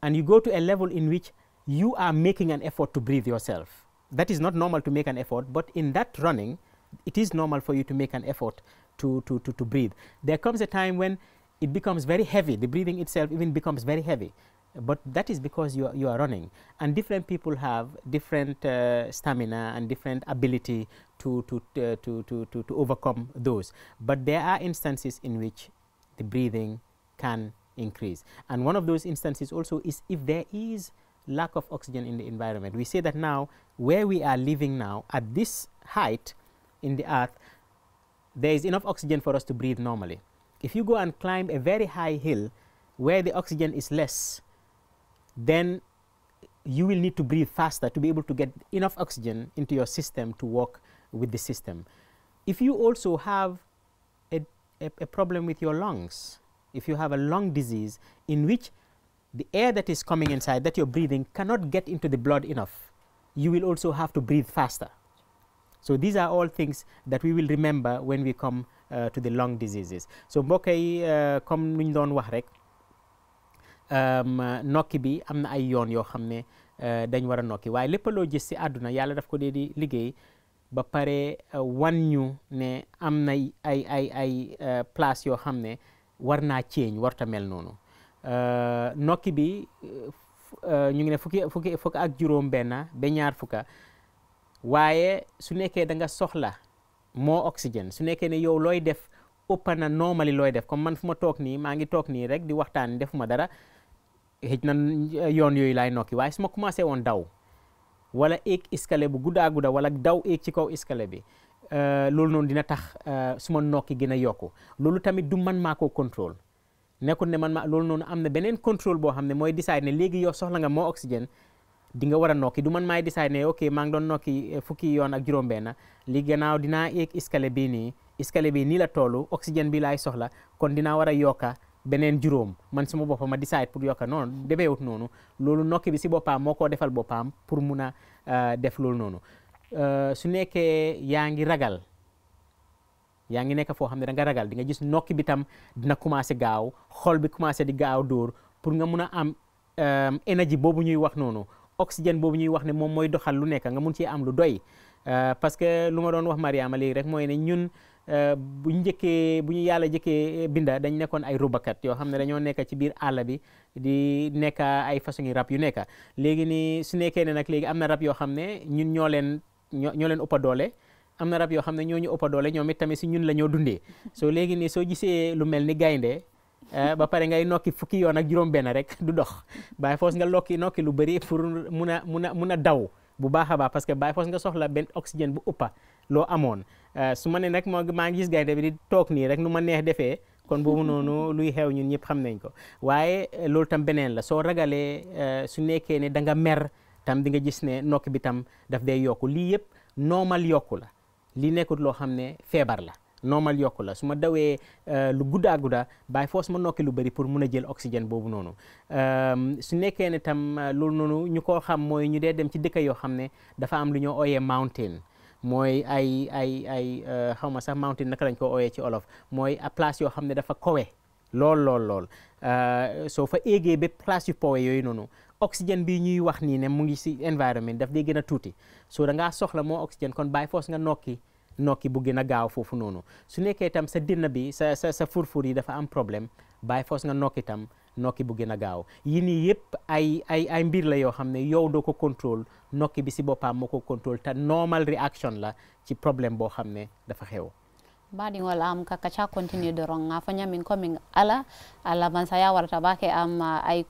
[SPEAKER 1] And you go to a level in which you are making an effort to breathe yourself. That is not normal to make an effort, but in that running, it is normal for you to make an effort to, to, to, to breathe. There comes a time when it becomes very heavy. The breathing itself even becomes very heavy but that is because you are, you are running and different people have different uh, stamina and different ability to, to, uh, to, to, to, to, overcome those. But there are instances in which the breathing can increase. And one of those instances also is if there is lack of oxygen in the environment. We say that now where we are living now at this height in the earth, there is enough oxygen for us to breathe normally. If you go and climb a very high hill where the oxygen is less, then you will need to breathe faster to be able to get enough oxygen into your system to work with the system. If you also have a, a, a problem with your lungs, if you have a lung disease in which the air that is coming inside that you're breathing cannot get into the blood enough, you will also have to breathe faster. So these are all things that we will remember when we come uh, to the lung diseases. So mbokk kom uh, comme nuñ rek. Ehm, nokki bi am na ay yoon yoo xam ne eh, dañ war a nokki waaye lépp loo gis si àdduna yàlla daf ko dee di liggéey ba pare eh, wan ñu ne am na ay ay ay eh, place yoo xam ne war naa ceeñ warta mel noonu nokki bi ñu ngi ne fukki fukki fukk ak juróom benn ba ñaar fukka waaye su nekkee da nga soxla moo oxygène su nekkee ne yow looy def ëpp na normali looy def comme man fu ma toog nii maa ngi toog nii rek di waxtaan defuma dara xëj na yoon yooyu laay nokki waaye suma ma commencé woon daw wala éeg escalier bu guddaa gudda wala daw éeg ci kaw escalier bi euh, loolu noonu dina tax euh, su ma nokki gën a yokku loolu tamit du man maa ko contrôle nekkul ne man ma loolu noonu am na beneen contrôle boo xam ne mooy décide ne léegi yoo soxla nga moo oxygène di nga war a nokki du man maay décide ne ok maa ngi doon nokki euh, fukki yoon ak juróom-benn li gannaaw dina éeg escalier bii nii escalier bii nii la toolu oxygène bi laay soxla kon dinaa beneen juróom man suma boppam ma decide pour yokka noonu demeewut noonu loolu nokki bi si boppam moo koo defal boppam pour mun a euh, def loolu noonu euh, su nekkee yaa ngi ragal yaa ngi nekk foo xam ne da nga ragal di nga gis nokki bi tam dina commencé gaaw xol bi commencé di gaaw dóor pour nga mun a am euh, énergie boobu ñuy wax noonu oxygène boobu ñuy wax ne moom mooy doxal lu nekk nga mun cee am lu doy parce que lu ma doon wax Mariama léegi rek mooy ne ñun. Eh, bu ñu njëkkee bu ñu yàlla njëkkee eh, binda dañ nekkoon ay rubakat yoo xam ne dañoo nekk ci biir àll bi di nekk ay façon rab yu nekk léegi nii su nekkee ne nag léegi am na rab yoo xam ne ñun ñoo leen ñoo leen ëpp am na rab yoo xam ne ñoo ñu ëpp doole ñoom it tamit si ñun la ñoo dundee soo léegi nii soo gisee lu mel ni gaynde eh, ba pare ngay nokki fukki yoon ak juróom-benn rek du dox bàyyi foos nga lokki nokki lu bëri pour mun a mun a mun a daw bu baax a baax parce que bàyyi foos nga soxla benn oxygène bu ëppa loo amoon Euh, su ma ne nag moo maa ngi gis gaynde bi di toog nii rek nu ma neex defee kon boobu noonu luy xew ñun ñëpp xam nañ ko waaye euh, loolu tam beneen la soo ragalee euh, su nekkee ne da mer tam di nga gis ne nokk bi tam daf day yokku lii yëpp normal yokku la lii nekkut loo xam ne feebar la normal yokku la su ma dawee lu guddaa guddaa bàyyi foos ma lu bëri pour mun a jël oxygène boobu noonu su nekkee ne tam loolu noonu ñu koo xam mooy ñu dee dem ci dëkk yoo xam ne dafa am lu ñoo ooyee mountain mooy ay ay ay euh, xaw ma sax mountain naka lañ ko ooyee ci olof mooy place yoo xam ne dafa kowe lool lool lool euh, soo fa éegee ba place yu powe yooyu noonu oxygène bi ñuy wax nii ne mu ngi si environnement daf dee gën a tuuti soo da ngaa soxla moo oxygène kon by force nga nokki nokki bu gën a gaaw foofu noonu su nekkee itam sa dënn bi sa sa sa furfur yi dafa am problème by force nga nokki itam nokki bu gën a gaaw yi nii yëpp ay ay ay mbir la yoo xam ne yow doo ko contrôle nokki bi si boppam moo ko contrôle te normal reaction la ci problème boo xam ne dafa xew
[SPEAKER 2] baɗigol am kaka ca continue doron a foñamin komin ala ala bansaya warata bake am ay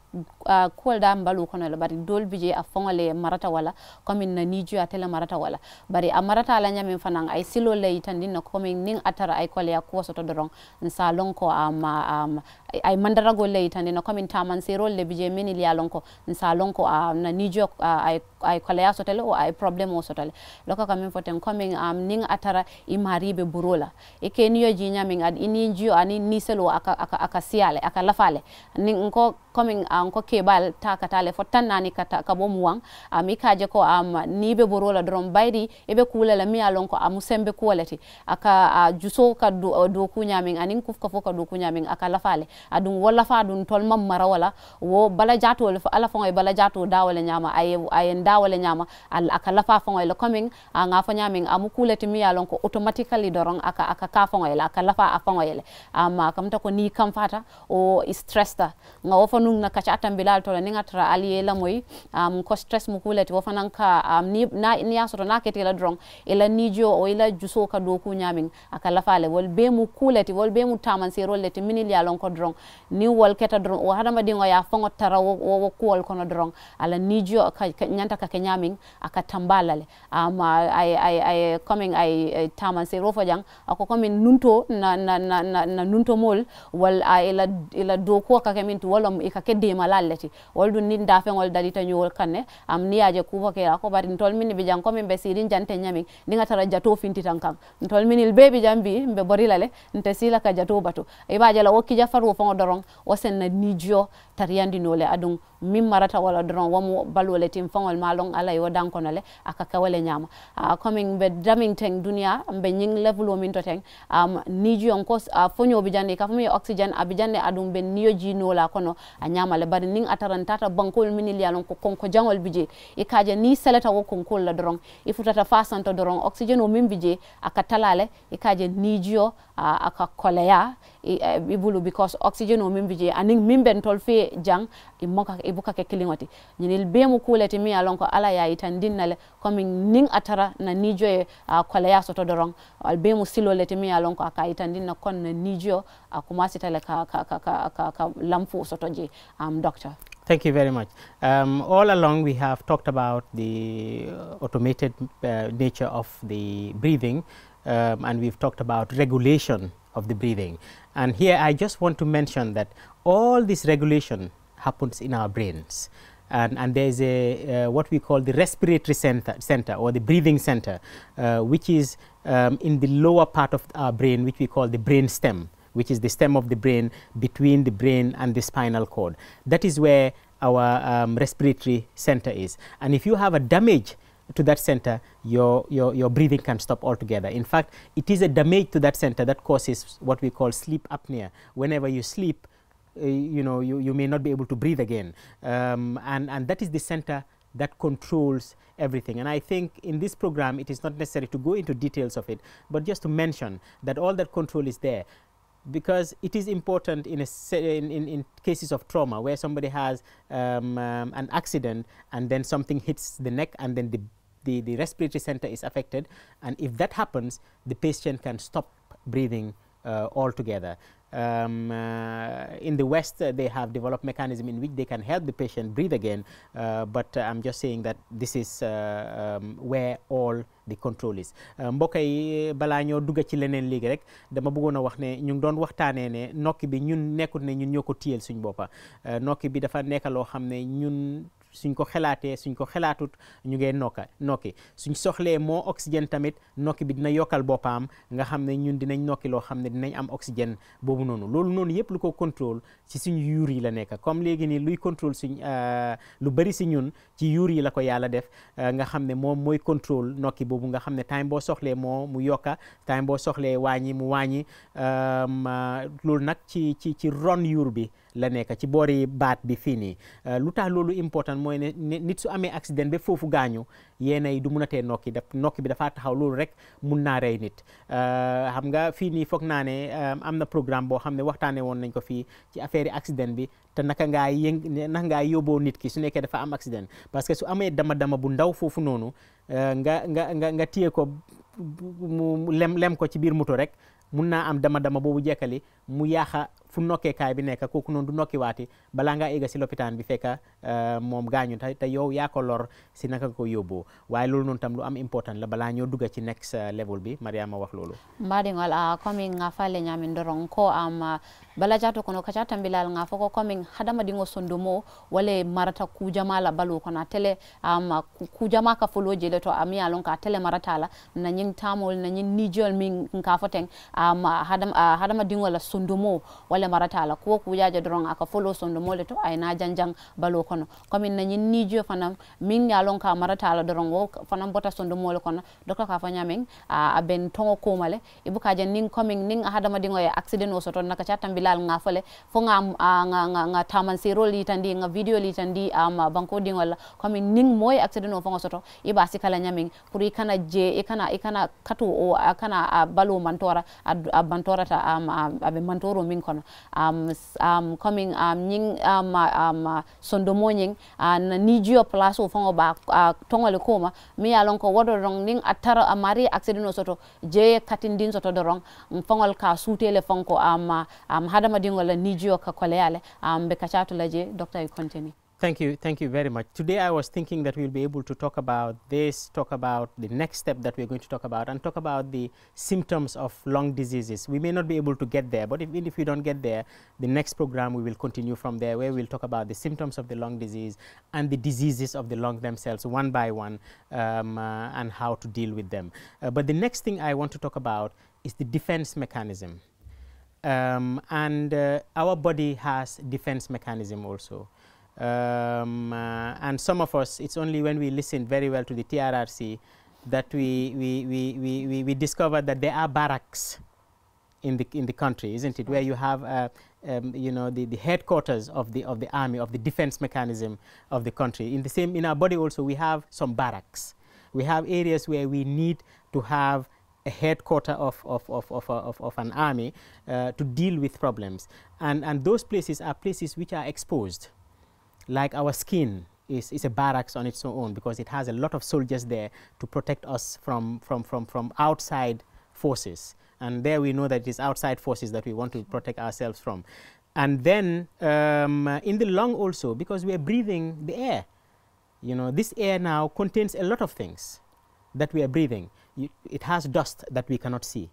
[SPEAKER 2] kuwol da mbalu kono le bari dol bije a fongole marata wala komin na niju a marata wala bari a marata ala ñamin fanan ay silo le yitandin na komin nin a ay kole a kuwo soto doron sa lon ko am, am ay mandaragol le yitandin na komin taman serol le bije minil ya lon ko sa lon na niju ay ay kwalaya sotale o ay problem o sotale loka kamin foten coming um, ning atara imaribe burola ken yo jinya min ad ini jio ani niselo aka, aka, aka siale aka lafale ning ko coming um, uh, ko kebal keɓal takatale fo nani kata ka kabo muwan um, uh, i kaje ko um, ni be borola drom baydi e be kula la mi alon ko amu uh, sembe kuwalati aka uh, juso ka do, uh, do kuñamin anin ka fo ka do kuñamin aka la fale adun wala fa dun tol mam mara wala wo bala jato jatole ala fo bala jato dawale nyama ay ay dawale nyama al aka la fa fo e la coming uh, nga fo nyaming am amu kuulati mi alon ko automatically dorong aka aka ka fo e la aka lafa a fon e le am um, ta ko ni kam fata o stressed ta nga wo fon nung na kacha atan bilal to ninga tra ali ela moy um, ko stress mu kulati wo fanan ka um, ni na ni asoto na kete drong ila nijo o ila juso ka do ku nyamin aka la fale wol be mu kulati wol be mu taman se rolleti minil ya lon ko drong ni wol keta drong o hadama ngo ya fongo tara wo, wo ku ko kono drong ala nijo ka, ka nyanta ka kenyamin aka tambalale um, ay ay ay coming ay taman se rofo jang ako coming nunto na na na, na, na nunto mol wal ela ela do ko ka kemin to wolom ka ke dema lalleti woldu dun nin da fengol dalita nyuwol kanne am niyaje kuvo kera ko bari ntol min bijan ko min be sirin jante nyami ninga tara jato finti tan kam ntol min bi bebi jambi mbe borilale nte sila ka jato bato e baje la wokki jafaru fongo doron o sen na nijo tariyandi nole adun min marata wala doron wamu balwole tim fangol malon ala yo dankono le aka kawale nyama a uh, coming be daming teng dunia mbe nying level o min to teng am um, nijo kos a uh, fonyo bi jande ka fami oxygen abi jande adum be niyo ji no la kono a ñamale bari nin atarantata bankol minil ye lon ko konko jangol bije je i kaje ni seleta wo konkol la doron i futata fa doron oxygéne o min bi je a talale i kaje ni jiyo a, a koleya Eh, eh, i bulu because oxygen o min bije aning min ben tol fe jang i moka i buka ke kilingoti nyinil be mu kuleti mi alon ko ala ya itandin nale niŋ a atara na nijo ye a ah, koleya ya soto dorong al be mu silo leti mi alon ko aka itandin na kon na nijo a uh, kumasi tale ka ka ka ka, ka, ka lamfu soto je am um, doctor
[SPEAKER 1] Thank you very much. Um, all along, we have talked about the uh, automated uh, nature of the breathing, um, and we've talked about regulation of the breathing. And here I just want to mention that all this regulation happens in our brains. And, and there is a uh, what we call the respiratory center, center or the breathing center, uh, which is um, in the lower part of our brain, which we call the brain stem, which is the stem of the brain between the brain and the spinal cord. That is where our um, respiratory center is. And if you have a damage to that center, your, your, your breathing can stop altogether. In fact, it is a damage to that center that causes what we call sleep apnea. Whenever you sleep, uh, you know, you, you may not be able to breathe again. Um, and, and that is the center that controls everything. And I think in this program, it is not necessary to go into details of it, but just to mention that all that control is there because it is important in, in, in, in, cases of trauma where somebody has um, um, an accident and then something hits the neck and then the, the, the, respiratory center is affected. And if that happens, the patient can stop breathing uh, altogether. Um, uh, in the West, uh, they have developed mechanism in which they can help the patient breathe again. Uh, but I'm just saying that this is uh, um, where all the control is. Uh, mbokk yi balaa ñoo dugg ci leneen léegi rek dama bëggoon a wax ne ñu ngi doon waxtaanee ne nokki bi ñun nekkut ne ñun ñoo ko téyel suñ boppa uh, nokki bi dafa nekk loo xam ne ñun. suñ ko xelaatee suñ ko xelaatut ñu ngee nokka nokki suñ soxlee moo oxygène tamit nokki bi dina yokkal boppam nga xam ne ñun dinañ nokki loo xam ne dinañ am oxygène boobu noonu loolu noonu yëpp lu ko contrôle ci suñ yuur yi la nekk comme léegi nii luy contrôle suñ euh, lu bari si ñun ci yuur yi la ko yàlla def euh, nga xam ne moom mooy contrôle nokki boobu nga xam ne time boo soxlee moo mu yokka time boo soxlee wàññi mu wàññi euh, loolu nag ci ci ci ron yuur bi la nekk ci boori baat bi fii nii euh, lu tax loolu important mooy ne nit su amee accident ba foofu gaañu yéenay du mun a tee nokki daf nokki bi dafaa taxaw loolu rek mun naa rey nit euh, xam nga fii nii foog naa ne euh, am na programme boo xam ne waxtaanee woon nañ ko fii ci affaire yi accident bi te naka ngaa yëng naka ngaa yóbboo nit ki su nekkee dafa am accident parce que su amee dama dama bu ndaw foofu noonu nga nga nga nga téye ko mu lem lem ko ci biir moto rek mun naa am dama dama boobu jekkali mu yaaxa fu nokkeekaay bi nekk kooku noonu du nokkiwaati balaa ngaa egga si lopitaan bi fekka euh, moom gaañu te yow yaa ko lor si naka ko yóbboo waaye loolu noonu tam lu am important la balaa ñoo dugga ci next euh, level bi Mariama wax loolu
[SPEAKER 2] mbaɗigol a ah, komin fale ñamin doron ko am bala jato kono kaca bilal nga foko coming hadama coming hadamadiŋo sondomo wale marata kujama la balu kono a tele um, kujama ka folo je le to ami ye ka tele marata la na nyin tamol na nyin nijol miŋ nka fo am hadama hadama uh, hadamadiŋo la sondomo wale marata la ko kujaje doroŋ a ka folo sondomo le to a na janjang balu kono coming na nyin nijo fanam miŋ ye a ka marata la dron wo fanam bota sondomo le kono docteur ka fo ñameŋ a ben toŋo koma ibuka i buka coming niŋ hadama niŋ hadamadiŋo ye accident o soto na kaca tambil lal nga fale fo nga ah, nga nga nga taman sero li tandi nga video li tandi am ah, banko ding wala comme ning moy accident no fo soto iba e kala nyaming pour e kana je ikana e kana katu o kana balo mantora a bantora ta am abe mantoro min kono am am coming am ning am ah, am moning an ni jio place o fo ba tongole koma mi lon ko wodo rong ning atara amari accident no soto je katindin soto dorong fongol ka sutele fonko am am hada nijio yale um, laje dr
[SPEAKER 1] Thank you, thank you very much. Today I was thinking that we'll be able to talk about this, talk about the next step that we're going to talk about, and talk about the symptoms of lung diseases. We may not be able to get there, but even if we don't get there, the next program we will continue from there, where we'll talk about the symptoms of the lung disease and the diseases of the lung themselves, one by one, um, uh, and how to deal with them. Uh, but the next thing I want to talk about is the defense mechanism. Um, and uh, our body has defense mechanism also. Um, uh, and some of us, it's only when we listen very well to the TRRC that we, we, we, we, we, we discover that there are barracks in the, in the country, isn't it, where you have uh, um, you know, the, the headquarters of the, of the army, of the defense mechanism of the country. In the same, in our body also, we have some barracks. We have areas where we need to have a headquarter of, of, of, of, of, of an army uh, to deal with problems. And, and those places are places which are exposed, like our skin, is, is a barracks on its own because it has a lot of soldiers there to protect us from, from, from, from outside forces. And there we know that it is outside forces that we want to protect ourselves from. And then um, in the lung also, because we are breathing the air. You know, this air now contains a lot of things that we are breathing it has dust that we cannot see.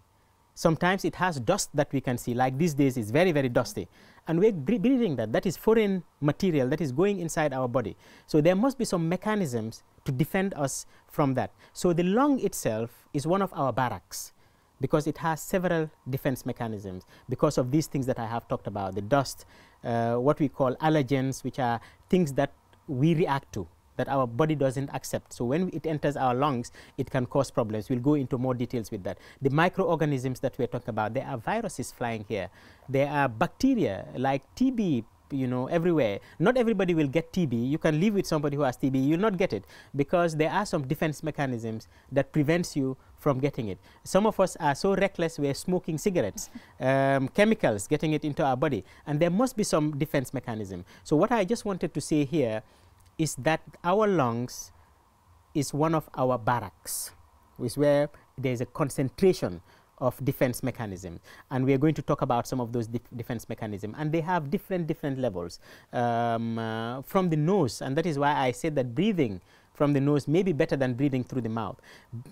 [SPEAKER 1] Sometimes it has dust that we can see, like these days it's very, very dusty. And we're breathing that. That is foreign material that is going inside our body. So there must be some mechanisms to defend us from that. So the lung itself is one of our barracks because it has several defense mechanisms because of these things that I have talked about the dust, uh, what we call allergens, which are things that we react to that our body doesn't accept. So when it enters our lungs, it can cause problems. We'll go into more details with that. The microorganisms that we're talking about, there are viruses flying here. There are bacteria like TB, you know, everywhere. Not everybody will get TB. You can live with somebody who has TB. You'll not get it because there are some defense mechanisms that prevents you from getting it. Some of us are so reckless we're smoking cigarettes, um, chemicals getting it into our body. And there must be some defense mechanism. So what I just wanted to say here is that our lungs is one of our barracks, is where there's a concentration of defense mechanism and we are going to talk about some of those defense mechanism and they have different different levels um, uh, from the nose and that is why I said that breathing from the nose may be better than breathing through the mouth.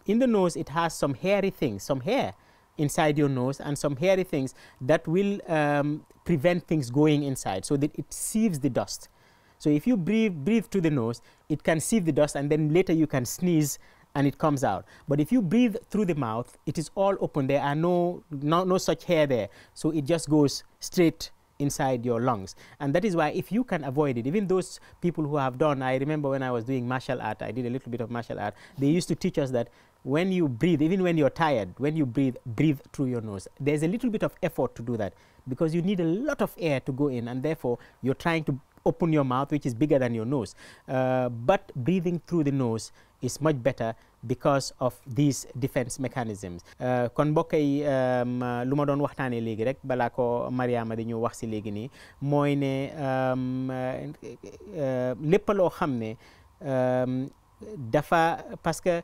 [SPEAKER 1] In the nose it has some hairy things, some hair inside your nose and some hairy things that will um, prevent things going inside so that it sieves the dust so if you breathe, breathe through the nose, it can sieve the dust and then later you can sneeze and it comes out. But if you breathe through the mouth, it is all open. There are no, no, no such hair there. So it just goes straight inside your lungs. And that is why if you can avoid it, even those people who have done, I remember when I was doing martial art, I did a little bit of martial art, they used to teach us that when you breathe, even when you're tired, when you breathe, breathe through your nose. There's a little bit of effort to do that because you need a lot of air to go in and therefore you're trying to open your mouth, which is bigger than your nose. Uh, but breathing through the nose is much better because of these defense mechanisms uh, kon mbokk um, lu ma doon waxtaanee léegi rek balaa ko Mariama di ñu wax si léegi nii mooy ne um, uh, uh, lépp loo xam ne um, dafa parce que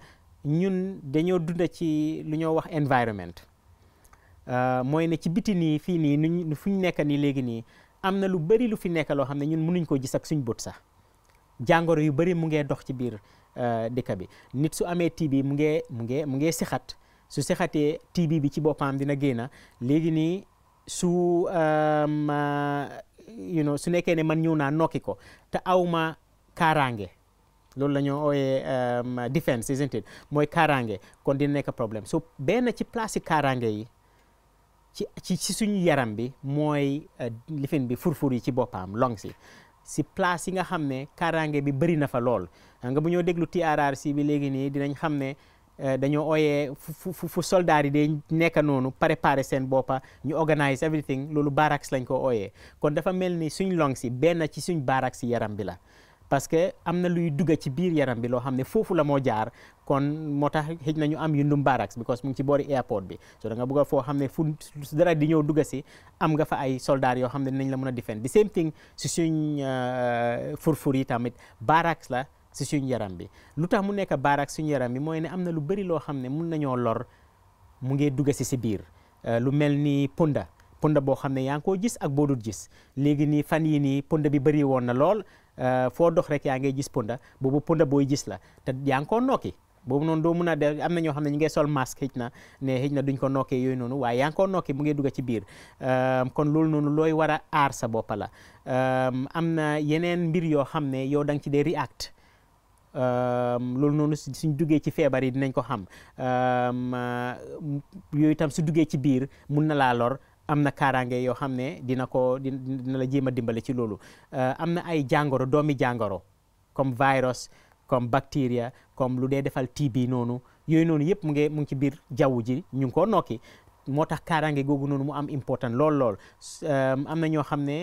[SPEAKER 1] ñun dañoo dunda ci lu ñoo wax environment mooy ne ci biti nii fii nii nu fu ñu nekk nii léegi nii am na lu bëri lu fi nekk loo xam ne ñun mënuñ koo gis ak suñ bët sax jàngoro yu bëri mu ngee dox ci biir euh, dëkk bi nit su amee TB mu ngee mu ngee mu ngee sixat su sixatee TB bi ci boppam dina génn léegi nii su euh, you su nekkee ne man ñëw naa nokki ko te awma kaaraange loolu lañu ñoo ooyee euh, defense isn't it mooy kaaraange kon dina nekk problème so benn ci place yi kaaraange yi ci ci ci suñu yaram bi mooy euh, lifin bi fur yi ci boppam long si si place yi nga xam ne kaaraange bi bëri na fa lool nga bu ñoo déglu TRRC bi léegi nii dinañ xam ne euh, dañoo ooyee fu fu fu soldaar nekk noonu préparé seen boppa ñu organise everything loolu barracks lañ ko ooyee kon dafa mel ni suñ long si benn ci suñ barracks yaram bi la parce que am na luy dugg ci biir yaram bi loo xam ne foofu la moo jaar kon moo tax xëj nañu am yundum barracks because mu ci boori airport bi so da nga foo xam ne fu dara di ñëw dugg si am nga fa ay soldats yoo xam ne nañ la mën a defend the same thing si suñ uh, furfur yi tamit barracks la si suñ yaram bi lu tax mu nekk barracks suñ yaram bi mooy ne am na lu bëri loo xam ne mun nañoo lor mu ngi dugg si si biir uh, lu mel ni punda punda boo xam ne yaa ngi koo gis ak boo dul léegi nii fan yii nii punda bi bëri woon na lool. Euh, foo dox rek yaa ngay gis punda boobu punda booy gis la te yaa ngi koo nokki boobu noonu doo mun a de am na ñoo xam ne ñu ngay sol masque xëj na ne xëj na duñ ko nokkee yooyu noonu waaye yaa ngi ko nokkee mu ngi dugg ci biir euh, kon loolu noonu looy war a aar sa bopp la euh, am na yeneen mbir yoo xam ne yow da nga ci dee react loolu noonu suñ duggee ci feebar yi dinañ ko xam yooyu su duggee ci biir mun na laa lor am na kaaraange yoo xam ne dina ko dina la jéem a dimbale ci loolu euh, am na ay jàngoro doomi jàngoro comme virus comme bacteria comme lu dee defal TB noonu yooyu noonu yëpp mu ngi mu ngi ci biir jaww ji ñu ngi koo nokki moo tax kaaraange googu noonu mu am important lool lool euh, am na ñoo xam ne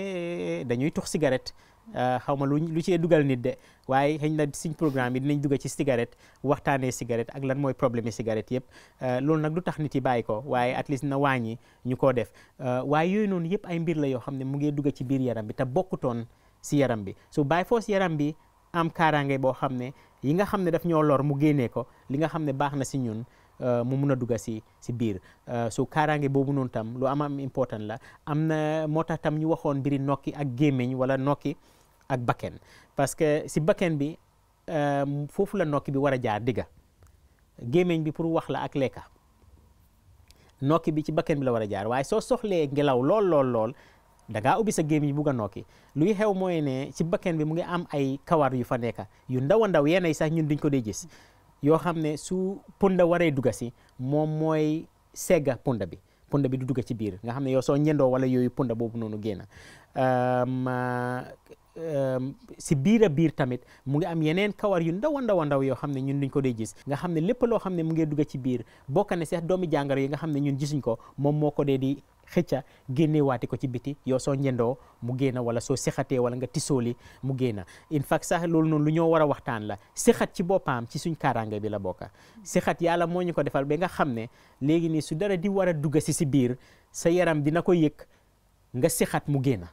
[SPEAKER 1] dañuy tux cigarette Euh, xaw ma lu lu cee dugal nit de waaye xëy na suñ programme yi dinañ dugg ci cigarette waxtaanee cigarette ak lan mooy problème yi cigarette yëpp euh, loolu nag du tax nit yi bàyyi ko waaye at least na wàññi ñu koo def euh, waaye yooyu noonu yëpp ay mbir la yoo xam ne mu ngee dugg ci biir yaram bi bokkutoon si yaram bi so bàyyi foo si yaram bi am kaaraange boo xam ne yi nga xam ne daf ñoo lor mu génnee ko li nga xam ne baax na si ñun mu mun a dugg si si biir so kaaraange boobu noonu tam lu am am important la am na moo tax tam ñu waxoon mbiri nokki ak gémmiñ wala nokki ak bakken parce que si bakken bi euh, foofu la nokki bi war a jaar digga gémmiñ bi pour wax la ak lekka nokki bi ci bakken bi la war a jaar waaye soo soxlee ngelaw lool lool lool dangaa ngaa ubbi sa gémmiñ bugg a nokki luy xew mooy ne ci bakken bi mu ngi am ay kawar yu fa nekka yu ndaw ndaw yenn yi sax ñun duñ ko dee gis yoo xam ne su punda waree dugga si moom mooy segga punda bi punda bi du dugg ci biir nga xam ne yow soo ñëndoo wala yooyu punda boobu noonu génn Um, si biir a biir tamit mu ngi am yeneen kawar yu ndaw a ndaw ndaw yoo xam ne ñun duñ ko dee gis nga xam ne lépp loo xam ne mu ngee dugg ci biir bokk na sax doomi jàngaro yi nga xam ne ñun gisuñ ko moom moo ko dee di xëcca génne ko ci biti yow soo njëndoo mu génna wala soo sexatee wala nga tisooli mu génna in fact sax loolu noonu lu ñoo war a waxtaan la sexat ci boppam ci suñ kaaraange bi la bokka sexat yàlla moo ñu ko defal ba nga xam ne léegi nii su dara di war a dugg si si biir sa yaram dina ko yëg nga sexat mu génna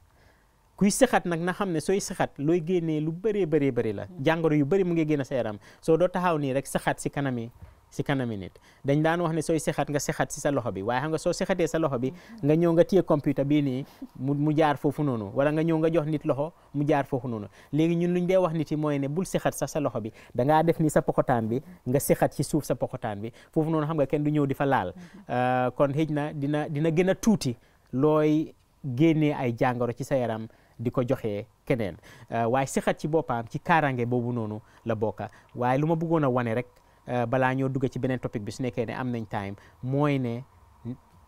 [SPEAKER 1] kuy sëxat nag na xam ne sooy sëxat looy génnee lu bëree bëree bëri la mm. jàngoro yu bëri mu ngi génna sa yaram soo doo taxaw nii rek sëxat si kanam yi si kanami nit dañ daan wax ne sooy sexat nga sexat si sa loxo bi waaye xam nga soo sexatee sa bi mm. nga ñëw nga téye computer bii nii mu mu jaar foofu noonu wala nga ñëw nga jox nit loxo mu jaar foofu noonu léegi ñun luñ dee wax nit yi mooy ne bul sexat sax sa loxo bi dangaa def ni sa pokotaan bi nga sexat ci suuf sa pokotaan bi foofu noonu xam nga kenn du ñëw di fa laal mm-hmm. euh, kon xëj na dina dina gën a tuuti looy génnee ay jàngoro ci sa yaram di ko joxe keneen euh, waaye sixat ci boppam ci kaaraange boobu noonu la bokka waaye lu ma bëggoon a wane rek euh, balaa ñoo dugg ci beneen topic bi su nekkee ne am nañ time mooy ne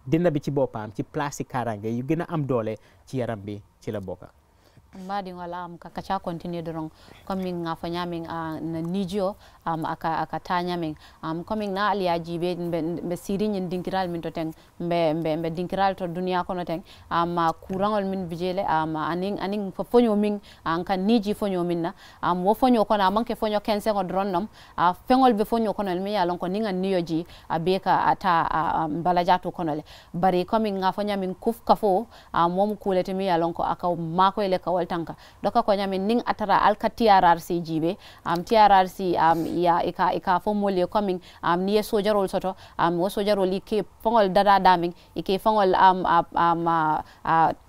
[SPEAKER 1] dina bi ci boppam ci place yi kaaraange yu gën a am doole ci yaram bi ci la bokka
[SPEAKER 2] mbadi wala am um, ka kacha continue dorong coming nga fanya ming uh, na nijo um, ah, aka aka tanya ming um, ah, coming na ali ajibe be, be siri nyin dinkral min to teng be be be dinkral to dunia ko no teng am um, ol min bijele am um, aning aning fo fonyo ming an kan niji fonyo min na am um, wo fonyo ko na manke fonyo kense ko dron nom a uh, fengol be fonyo ko no mi yalon ko ninga niyo ji abeka ata uh, um, balajato ko no le bari coming nga fanya ming kuf kafo am um, mom kulete mi yalon ko aka mako ile ka wal tanka doka ko nyame ning atara alka TRRC jibe am TRRC am ya ika ika fo mole coming ni niye sojarol soto am wo sojarol ike fongol dada daming ike fongol am am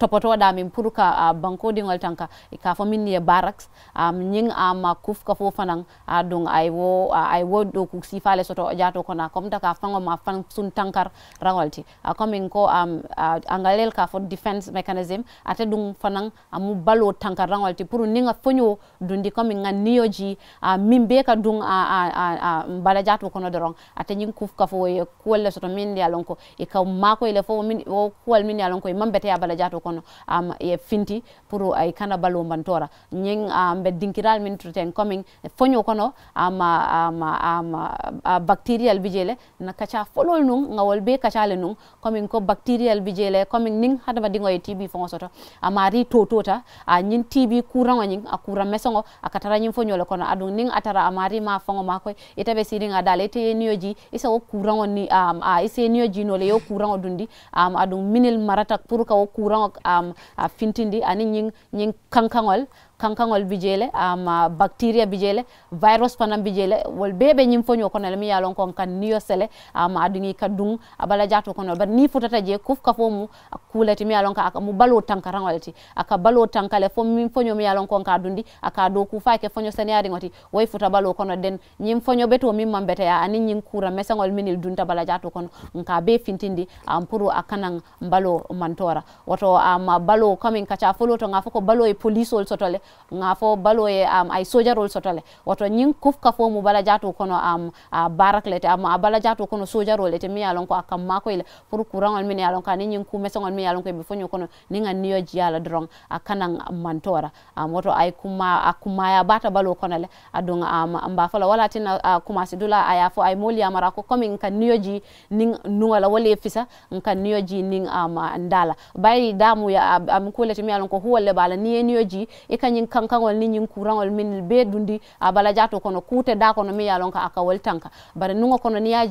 [SPEAKER 2] topoto daming puruka banko banko wal tanka ika fo min niye barracks am ning am kuf ka fo fanang uh, dong ay wo ay wo do ku sifale soto jato kona kom taka fango ma fan sun tankar rawalti uh, coming ko am angalel ka fo defense mechanism ate dung fanang amu balu lo tankarraŋol walti pour ninga foño dundi kami nga niyoji a uh, min be ka a mbala jatul kono dorong ate nyin kuf kafo wo ye soto min ye lonko e ko i ka mako ile fo min o kuwal min ko lonko e mambete ya bala jatul kono um, ye finti pour uh, i e kana balombantora a uh, mbe dinkiral min tuten comme foño kono um, um, um, uh, bacterial bi je le na kaca folol nun nga wolbe be le nun comme ko bacterial bi je le hadama niŋ hadamadiŋo tibi faŋo soto amari totota a a nyin tv kurang nyin a kurang mesongo akatara nyin fonyo le kono adun ning atara amari ma fongo makoy itabe sidinga dale te niyoji isa wo kurang ni um, a ise niyoji no yo kurang dundi um, adun minil marata ka wo kurang a fintindi ani nyin nyin kankangol kankagol bijele ama uh, bacteria bijele virus fanan bijele wol bebe nyim fonyo kono le mi yalon kon kan niyo sele ama adungi kadung abala jato kono bar ni futata je kuf ka fomu kulati mi yalon ka aka mu balo tankaran walti aka balo tankale fo min fonyo mi yalon kon ka dundi aka do ku fa ke fonyo senari ngoti way futa balo kono den nyim fonyo beto min mambete ya ani nyin kura mesangol minil dunta bala jato kono nka be fintindi am puro akanan balo mantora woto ama balo kamin kacha folo to ngafo ko balo e police ol sotole nga fo balo ye um, ay sojarol sotole woto kuf ka fo mu bala jatu kono am um, a am um, a bala jatu kono sojarol te mi yalon ko akam mako ile pour courant min yalon ka ni ku mesongol min yalon ko be fonyo kono ni nga niyo jiala drong akanang mantora am um, woto ay kuma akuma ya bata balo kono le adon am mba fala wala tin uh, kuma sidula aya fo ay moli amara ko komi kan niyo ji nin nuwala wala fisa nka niyo ji ni am ndala bayi damu ya am um, kule te ko huwalle bala niye niyo ji ikan ñin kankagol ni kuran wal min be dundi a bala jato kono kute da kono mi yalon ka akawol tanka bari nungo kono ni ya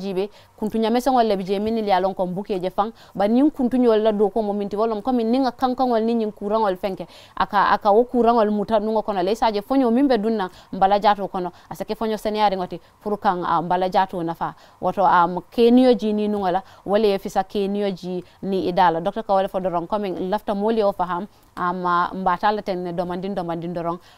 [SPEAKER 2] kuntu ñamesegol le bi je min yalon ko bukeje ba nyin kuntu nyol la do ko mo minti wolom ninga kankan wal ni kuran wal fenke aka aka wo wal muta nungo kono le saje foño min be dunna mbala jato kono asake foño seniyariŋo ngoti pour kan uh, ah, mbala jato nafa woto um, ah, keniyo ji ni nuŋo la wala fisa keniyo ji ni idala docteur kawale fodoron doron komin lafta moolu yo faham ama ah, mbatala ten domandin domandin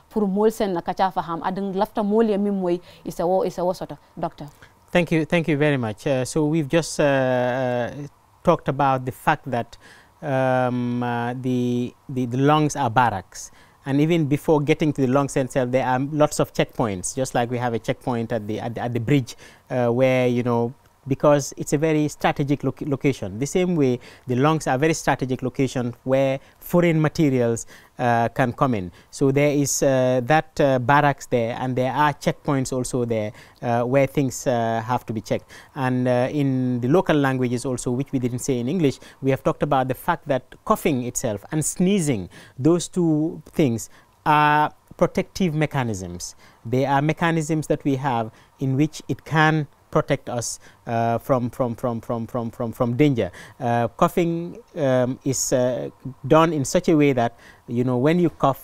[SPEAKER 2] pour mol sen na kacha faham lafta mol ya moy isa wo isa wo doctor
[SPEAKER 1] thank you thank you very much uh, so we've just uh, uh, talked about the fact that um, uh, the, the the lungs are barracks and even before getting to the lung itself, there are lots of checkpoints, just like we have a checkpoint at the, at the, at the bridge uh, where, you know, because it's a very strategic lo location. The same way the lungs are a very strategic location where foreign materials uh, can come in. So there is uh, that uh, barracks there and there are checkpoints also there uh, where things uh, have to be checked. And uh, in the local languages also which we didn't say in English, we have talked about the fact that coughing itself and sneezing, those two things are protective mechanisms. They are mechanisms that we have in which it can protect us uh, from, from, from, from, from, from, from danger. Uh, coughing um, is uh, done in such a way that you know when you cough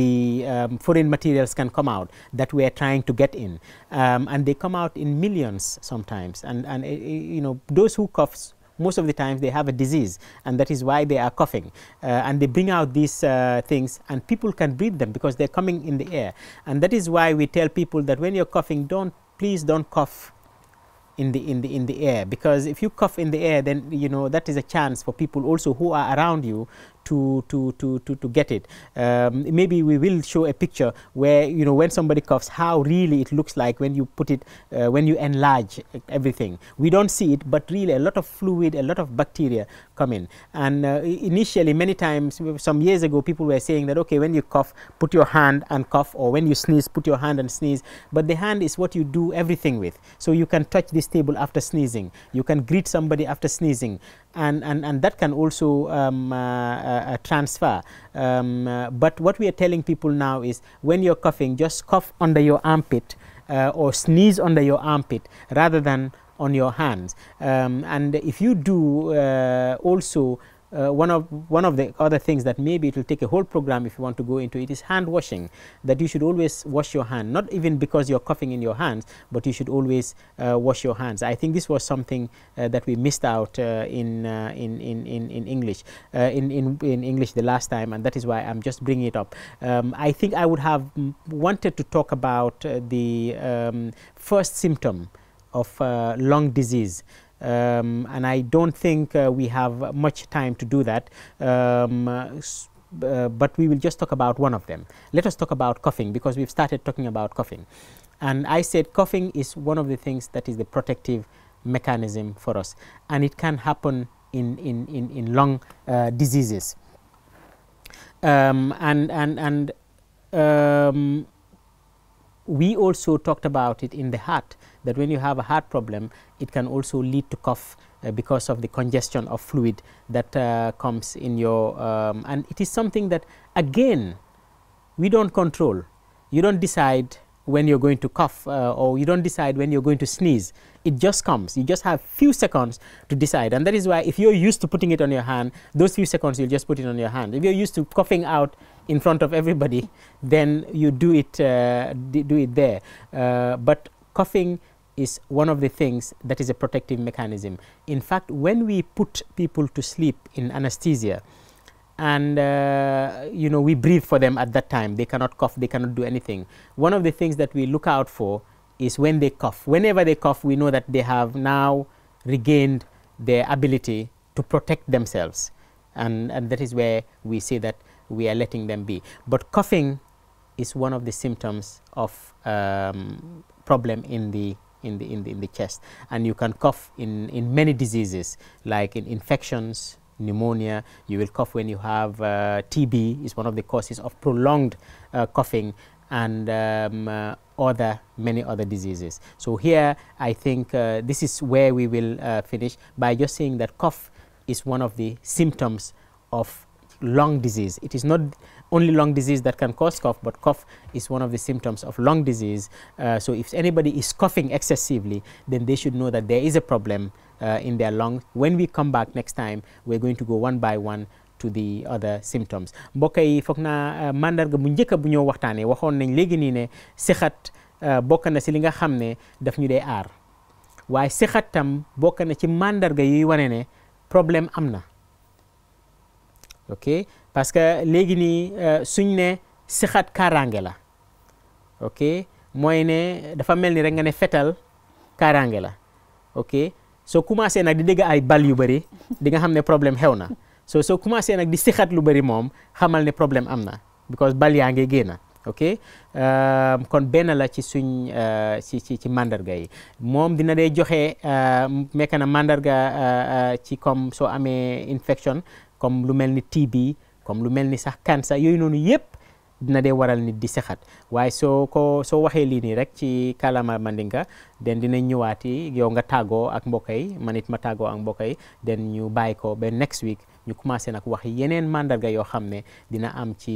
[SPEAKER 1] the um, foreign materials can come out that we are trying to get in um, and they come out in millions sometimes and, and uh, you know those who coughs most of the times they have a disease and that is why they are coughing uh, and they bring out these uh, things and people can breathe them because they're coming in the air and that is why we tell people that when you're coughing don't please don't cough in the in the in the air because if you cough in the air then you know that is a chance for people also who are around you to to to to, to get it. Um, maybe we will show a picture where you know when somebody coughs, how really it looks like when you put it uh, when you enlarge everything. We don't see it, but really a lot of fluid, a lot of bacteria come in. And uh, initially, many times, some years ago, people were saying that okay, when you cough, put your hand and cough, or when you sneeze, put your hand and sneeze. But the hand is what you do everything with. So you can touch this table after sneezing. You can greet somebody after sneezing and, and, and that can also um, uh, uh, transfer. Um, uh, but what we are telling people now is when you're coughing, just cough under your armpit uh, or sneeze under your armpit rather than on your hands. Um, and if you do uh, also uh, one of one of the other things that maybe it will take a whole program if you want to go into it is hand washing that you should always wash your hand not even because you're coughing in your hands but you should always uh, wash your hands i think this was something uh, that we missed out uh, in, uh, in, in in in english uh, in, in in english the last time and that is why i'm just bringing it up um, i think i would have wanted to talk about the um, first symptom of lung disease um, and I don't think uh, we have much time to do that. Um, uh, but we will just talk about one of them. Let us talk about coughing because we've started talking about coughing. And I said coughing is one of the things that is the protective mechanism for us. And it can happen in, in, in, in lung uh, diseases. Um, and and, and um, we also talked about it in the heart that when you have a heart problem it can also lead to cough uh, because of the congestion of fluid that uh, comes in your um, and it is something that again we don't control you don't decide when you're going to cough uh, or you don't decide when you're going to sneeze it just comes you just have few seconds to decide and that is why if you're used to putting it on your hand those few seconds you'll just put it on your hand if you're used to coughing out in front of everybody, then you do it uh, do it there. Uh, but coughing is one of the things that is a protective mechanism. In fact, when we put people to sleep in anesthesia and uh, you know we breathe for them at that time, they cannot cough, they cannot do anything. One of the things that we look out for is when they cough. Whenever they cough, we know that they have now regained their ability to protect themselves and, and that is where we say that we are letting them be. But coughing is one of the symptoms of um, problem in the in the, in the in the chest, and you can cough in in many diseases like in infections, pneumonia. You will cough when you have uh, TB. Is one of the causes of prolonged uh, coughing and um, uh, other many other diseases. So here, I think uh, this is where we will uh, finish by just saying that cough is one of the symptoms of lung disease. It is not only lung disease that can cause cough, but cough is one of the symptoms of lung disease. Uh, so if anybody is coughing excessively, then they should know that there is a problem uh, in their lung. When we come back next time, we're going to go one by one to the other symptoms mbokk fokna uh, mandar ga mandarga bu njëkk bu ñoo waxtaanee nañ ne sixat uh, bokk na si li nga xam ne daf ñu dee aar waaye sixat tam bokk na ci ga yuy wane ne problème amna. ok parce que léegi nii euh, suñ ne sixat kaaraange la ok mooy ne dafa mel ni rek nga ne fetal kaaraange la ok soo commencé nag di dégg ay bal yu bëri di nga xam ne problème xew na soo soo commencé nag di sixat lu bëri moom xamal ne problème am na because bal yaa ngi génn ok euh, kon benn la ci suñ euh, ci ci ci mandarga yi moom dina dee joxe mekk na mandarga ci comme soo amee infection comme lu mel ni TB comme lu mel ni sax cancer yooyu noonu yëpp dina dee waral nit di sexat waaye soo ko soo waxee lii nii rek ci kàllaama mandinga den dinañ ñëwaati yow nga tàggoo ak mbokk yi man it ma tàggoo ak mbokk yi den ñu bàyyi ko ba next week ñu commencé nag wax yeneen mandarga yoo xam ne dina am ci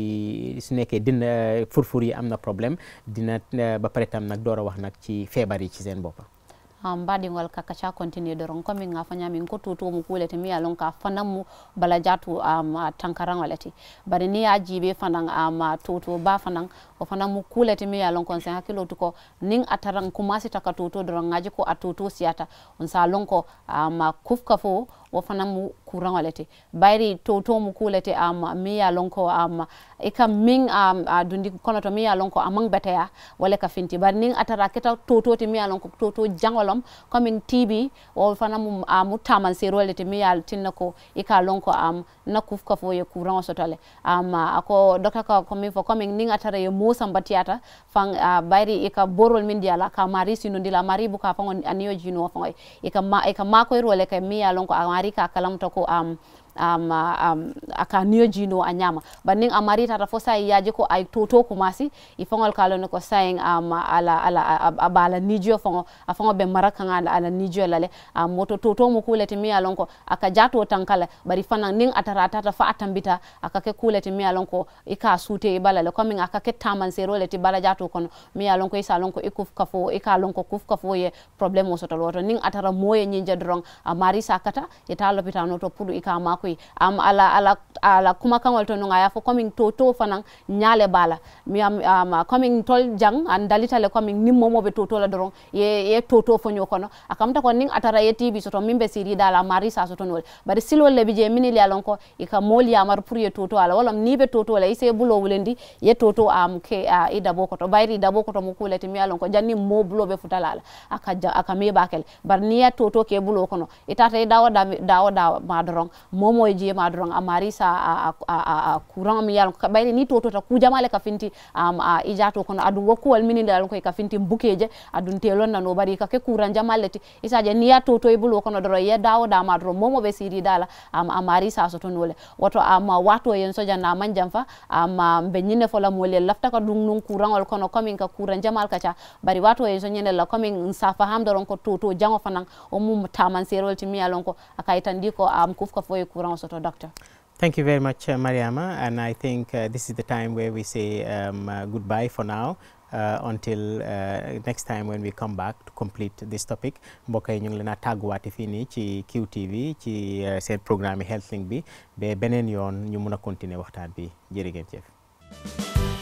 [SPEAKER 1] su nekkee dina euh, furfur yi am na problème dina euh, ba pare tam nag door a wax nag ci feebar yi ci seen bopp.
[SPEAKER 2] ambadi ngol ka kaca continue doron komin ga fanya min ko kule te mi alon ka fanamu bala jatu am um, tankaran walati bari ni aji jibe fanang am um, tutu ba fanaŋ o fanaŋ mu kule te mi alon konse sen hakkilo nin ko niŋ a taraŋ kumasita ka tutu doron ngaji ko a siata siyata on sa lon ko am um, kufka fo wo fana mu courant lete bayri to to mu kulete am mi ya lonko am um, e kam min am a dundi kono to mi ya lonko amang beteya wala ka finti bar ning atara keta to to mi ya lonko to to jangolom comme tibi tv wo fana mu mu taman rolete mi ya tinna ko e ka lonko am na kufuka fo ye courant sotole am ako doka ka komi fo komi ning atare ye musa batiyata fang uh, bayri ika borol min diala ka mari sino ndila mari buka fango aniyo jino e ka ma ika mako role ka mi alon ko amari ka kalam to ko am um, um, uh, um, aka niojino jino anyama bannin amari maritata fo sayi yaji ko ay toto ko masi faŋol kalon lon ko sayin um, ala, ala, abala nijo faŋo afongo be maraka ngala ala nijo lale um, moto toto mo kuleti miŋ ye ko aka jato tankala bari fanan niŋ atarata ta fa atambita aka ke kuleti miŋ ye lon ko i sute i bala le commin aka ke se le ti bala jato kono mi ye lon ko i ko i kafo ika ka ko kuf kafo ye problem o sotol woto niŋ atara moye nyinja drong amari sakata a mari lopitano to pulu ika ka mako kui am ala ala ala kuma kan walto no ngaya fo coming to to fanan nyale bala mi am um, coming tol jang and dalita le coming nim momo be to to la doron ye ye to to fo nyoko no akam ta kon ning atara ye tv soto mimbe siri dala marisa soto nol bari silo le bije mini le alonko e ka moli amar pour ye to to ala wala ni be to to la ise bulo wulendi ye to to am ke uh, ida boko to bayri dabo e, boko to mo kulati mi alonko janni mo bulo be futala ala akaja akame bakel bar niya to to ke bulo kono itata e dawo dawo dawo ma doron momo moye jeyema ma dron amari sa a, a, a, a courant mi yalon ka ɓayde ni totota kujamale ka finti um, a ijato kono adum wokkuwol minin dal ko ka finti bukeje adum telonna nano bari kake kuran jamale ti isaje niya to e bulo kono doro ye dawo ma doro momo be siri dala um, amma sa sotonole woto um, wato yen soja naman jam fa am be ñinne fola molel lafta ka ɗum nun wal kono commin ka kuran jamal kaca bari wato yen so nyene la commin safa ham doron ko toto jango fanan o mum taman serol ti mi yalon ko akayitandi ko kufka foye kuran also to doctor.
[SPEAKER 1] Thank you very much, uh, Mariama. And I think uh, this is the time where we say um, uh, goodbye for now. Uh, until uh, next time when we come back to complete this topic mboka yi ñu ngi leen a tàgguwaate fii nii ci QTV ci uh, seen programme health link bi ba beneen yoon ñu mun a continuer waxtaan bi jërë ngeen jëf.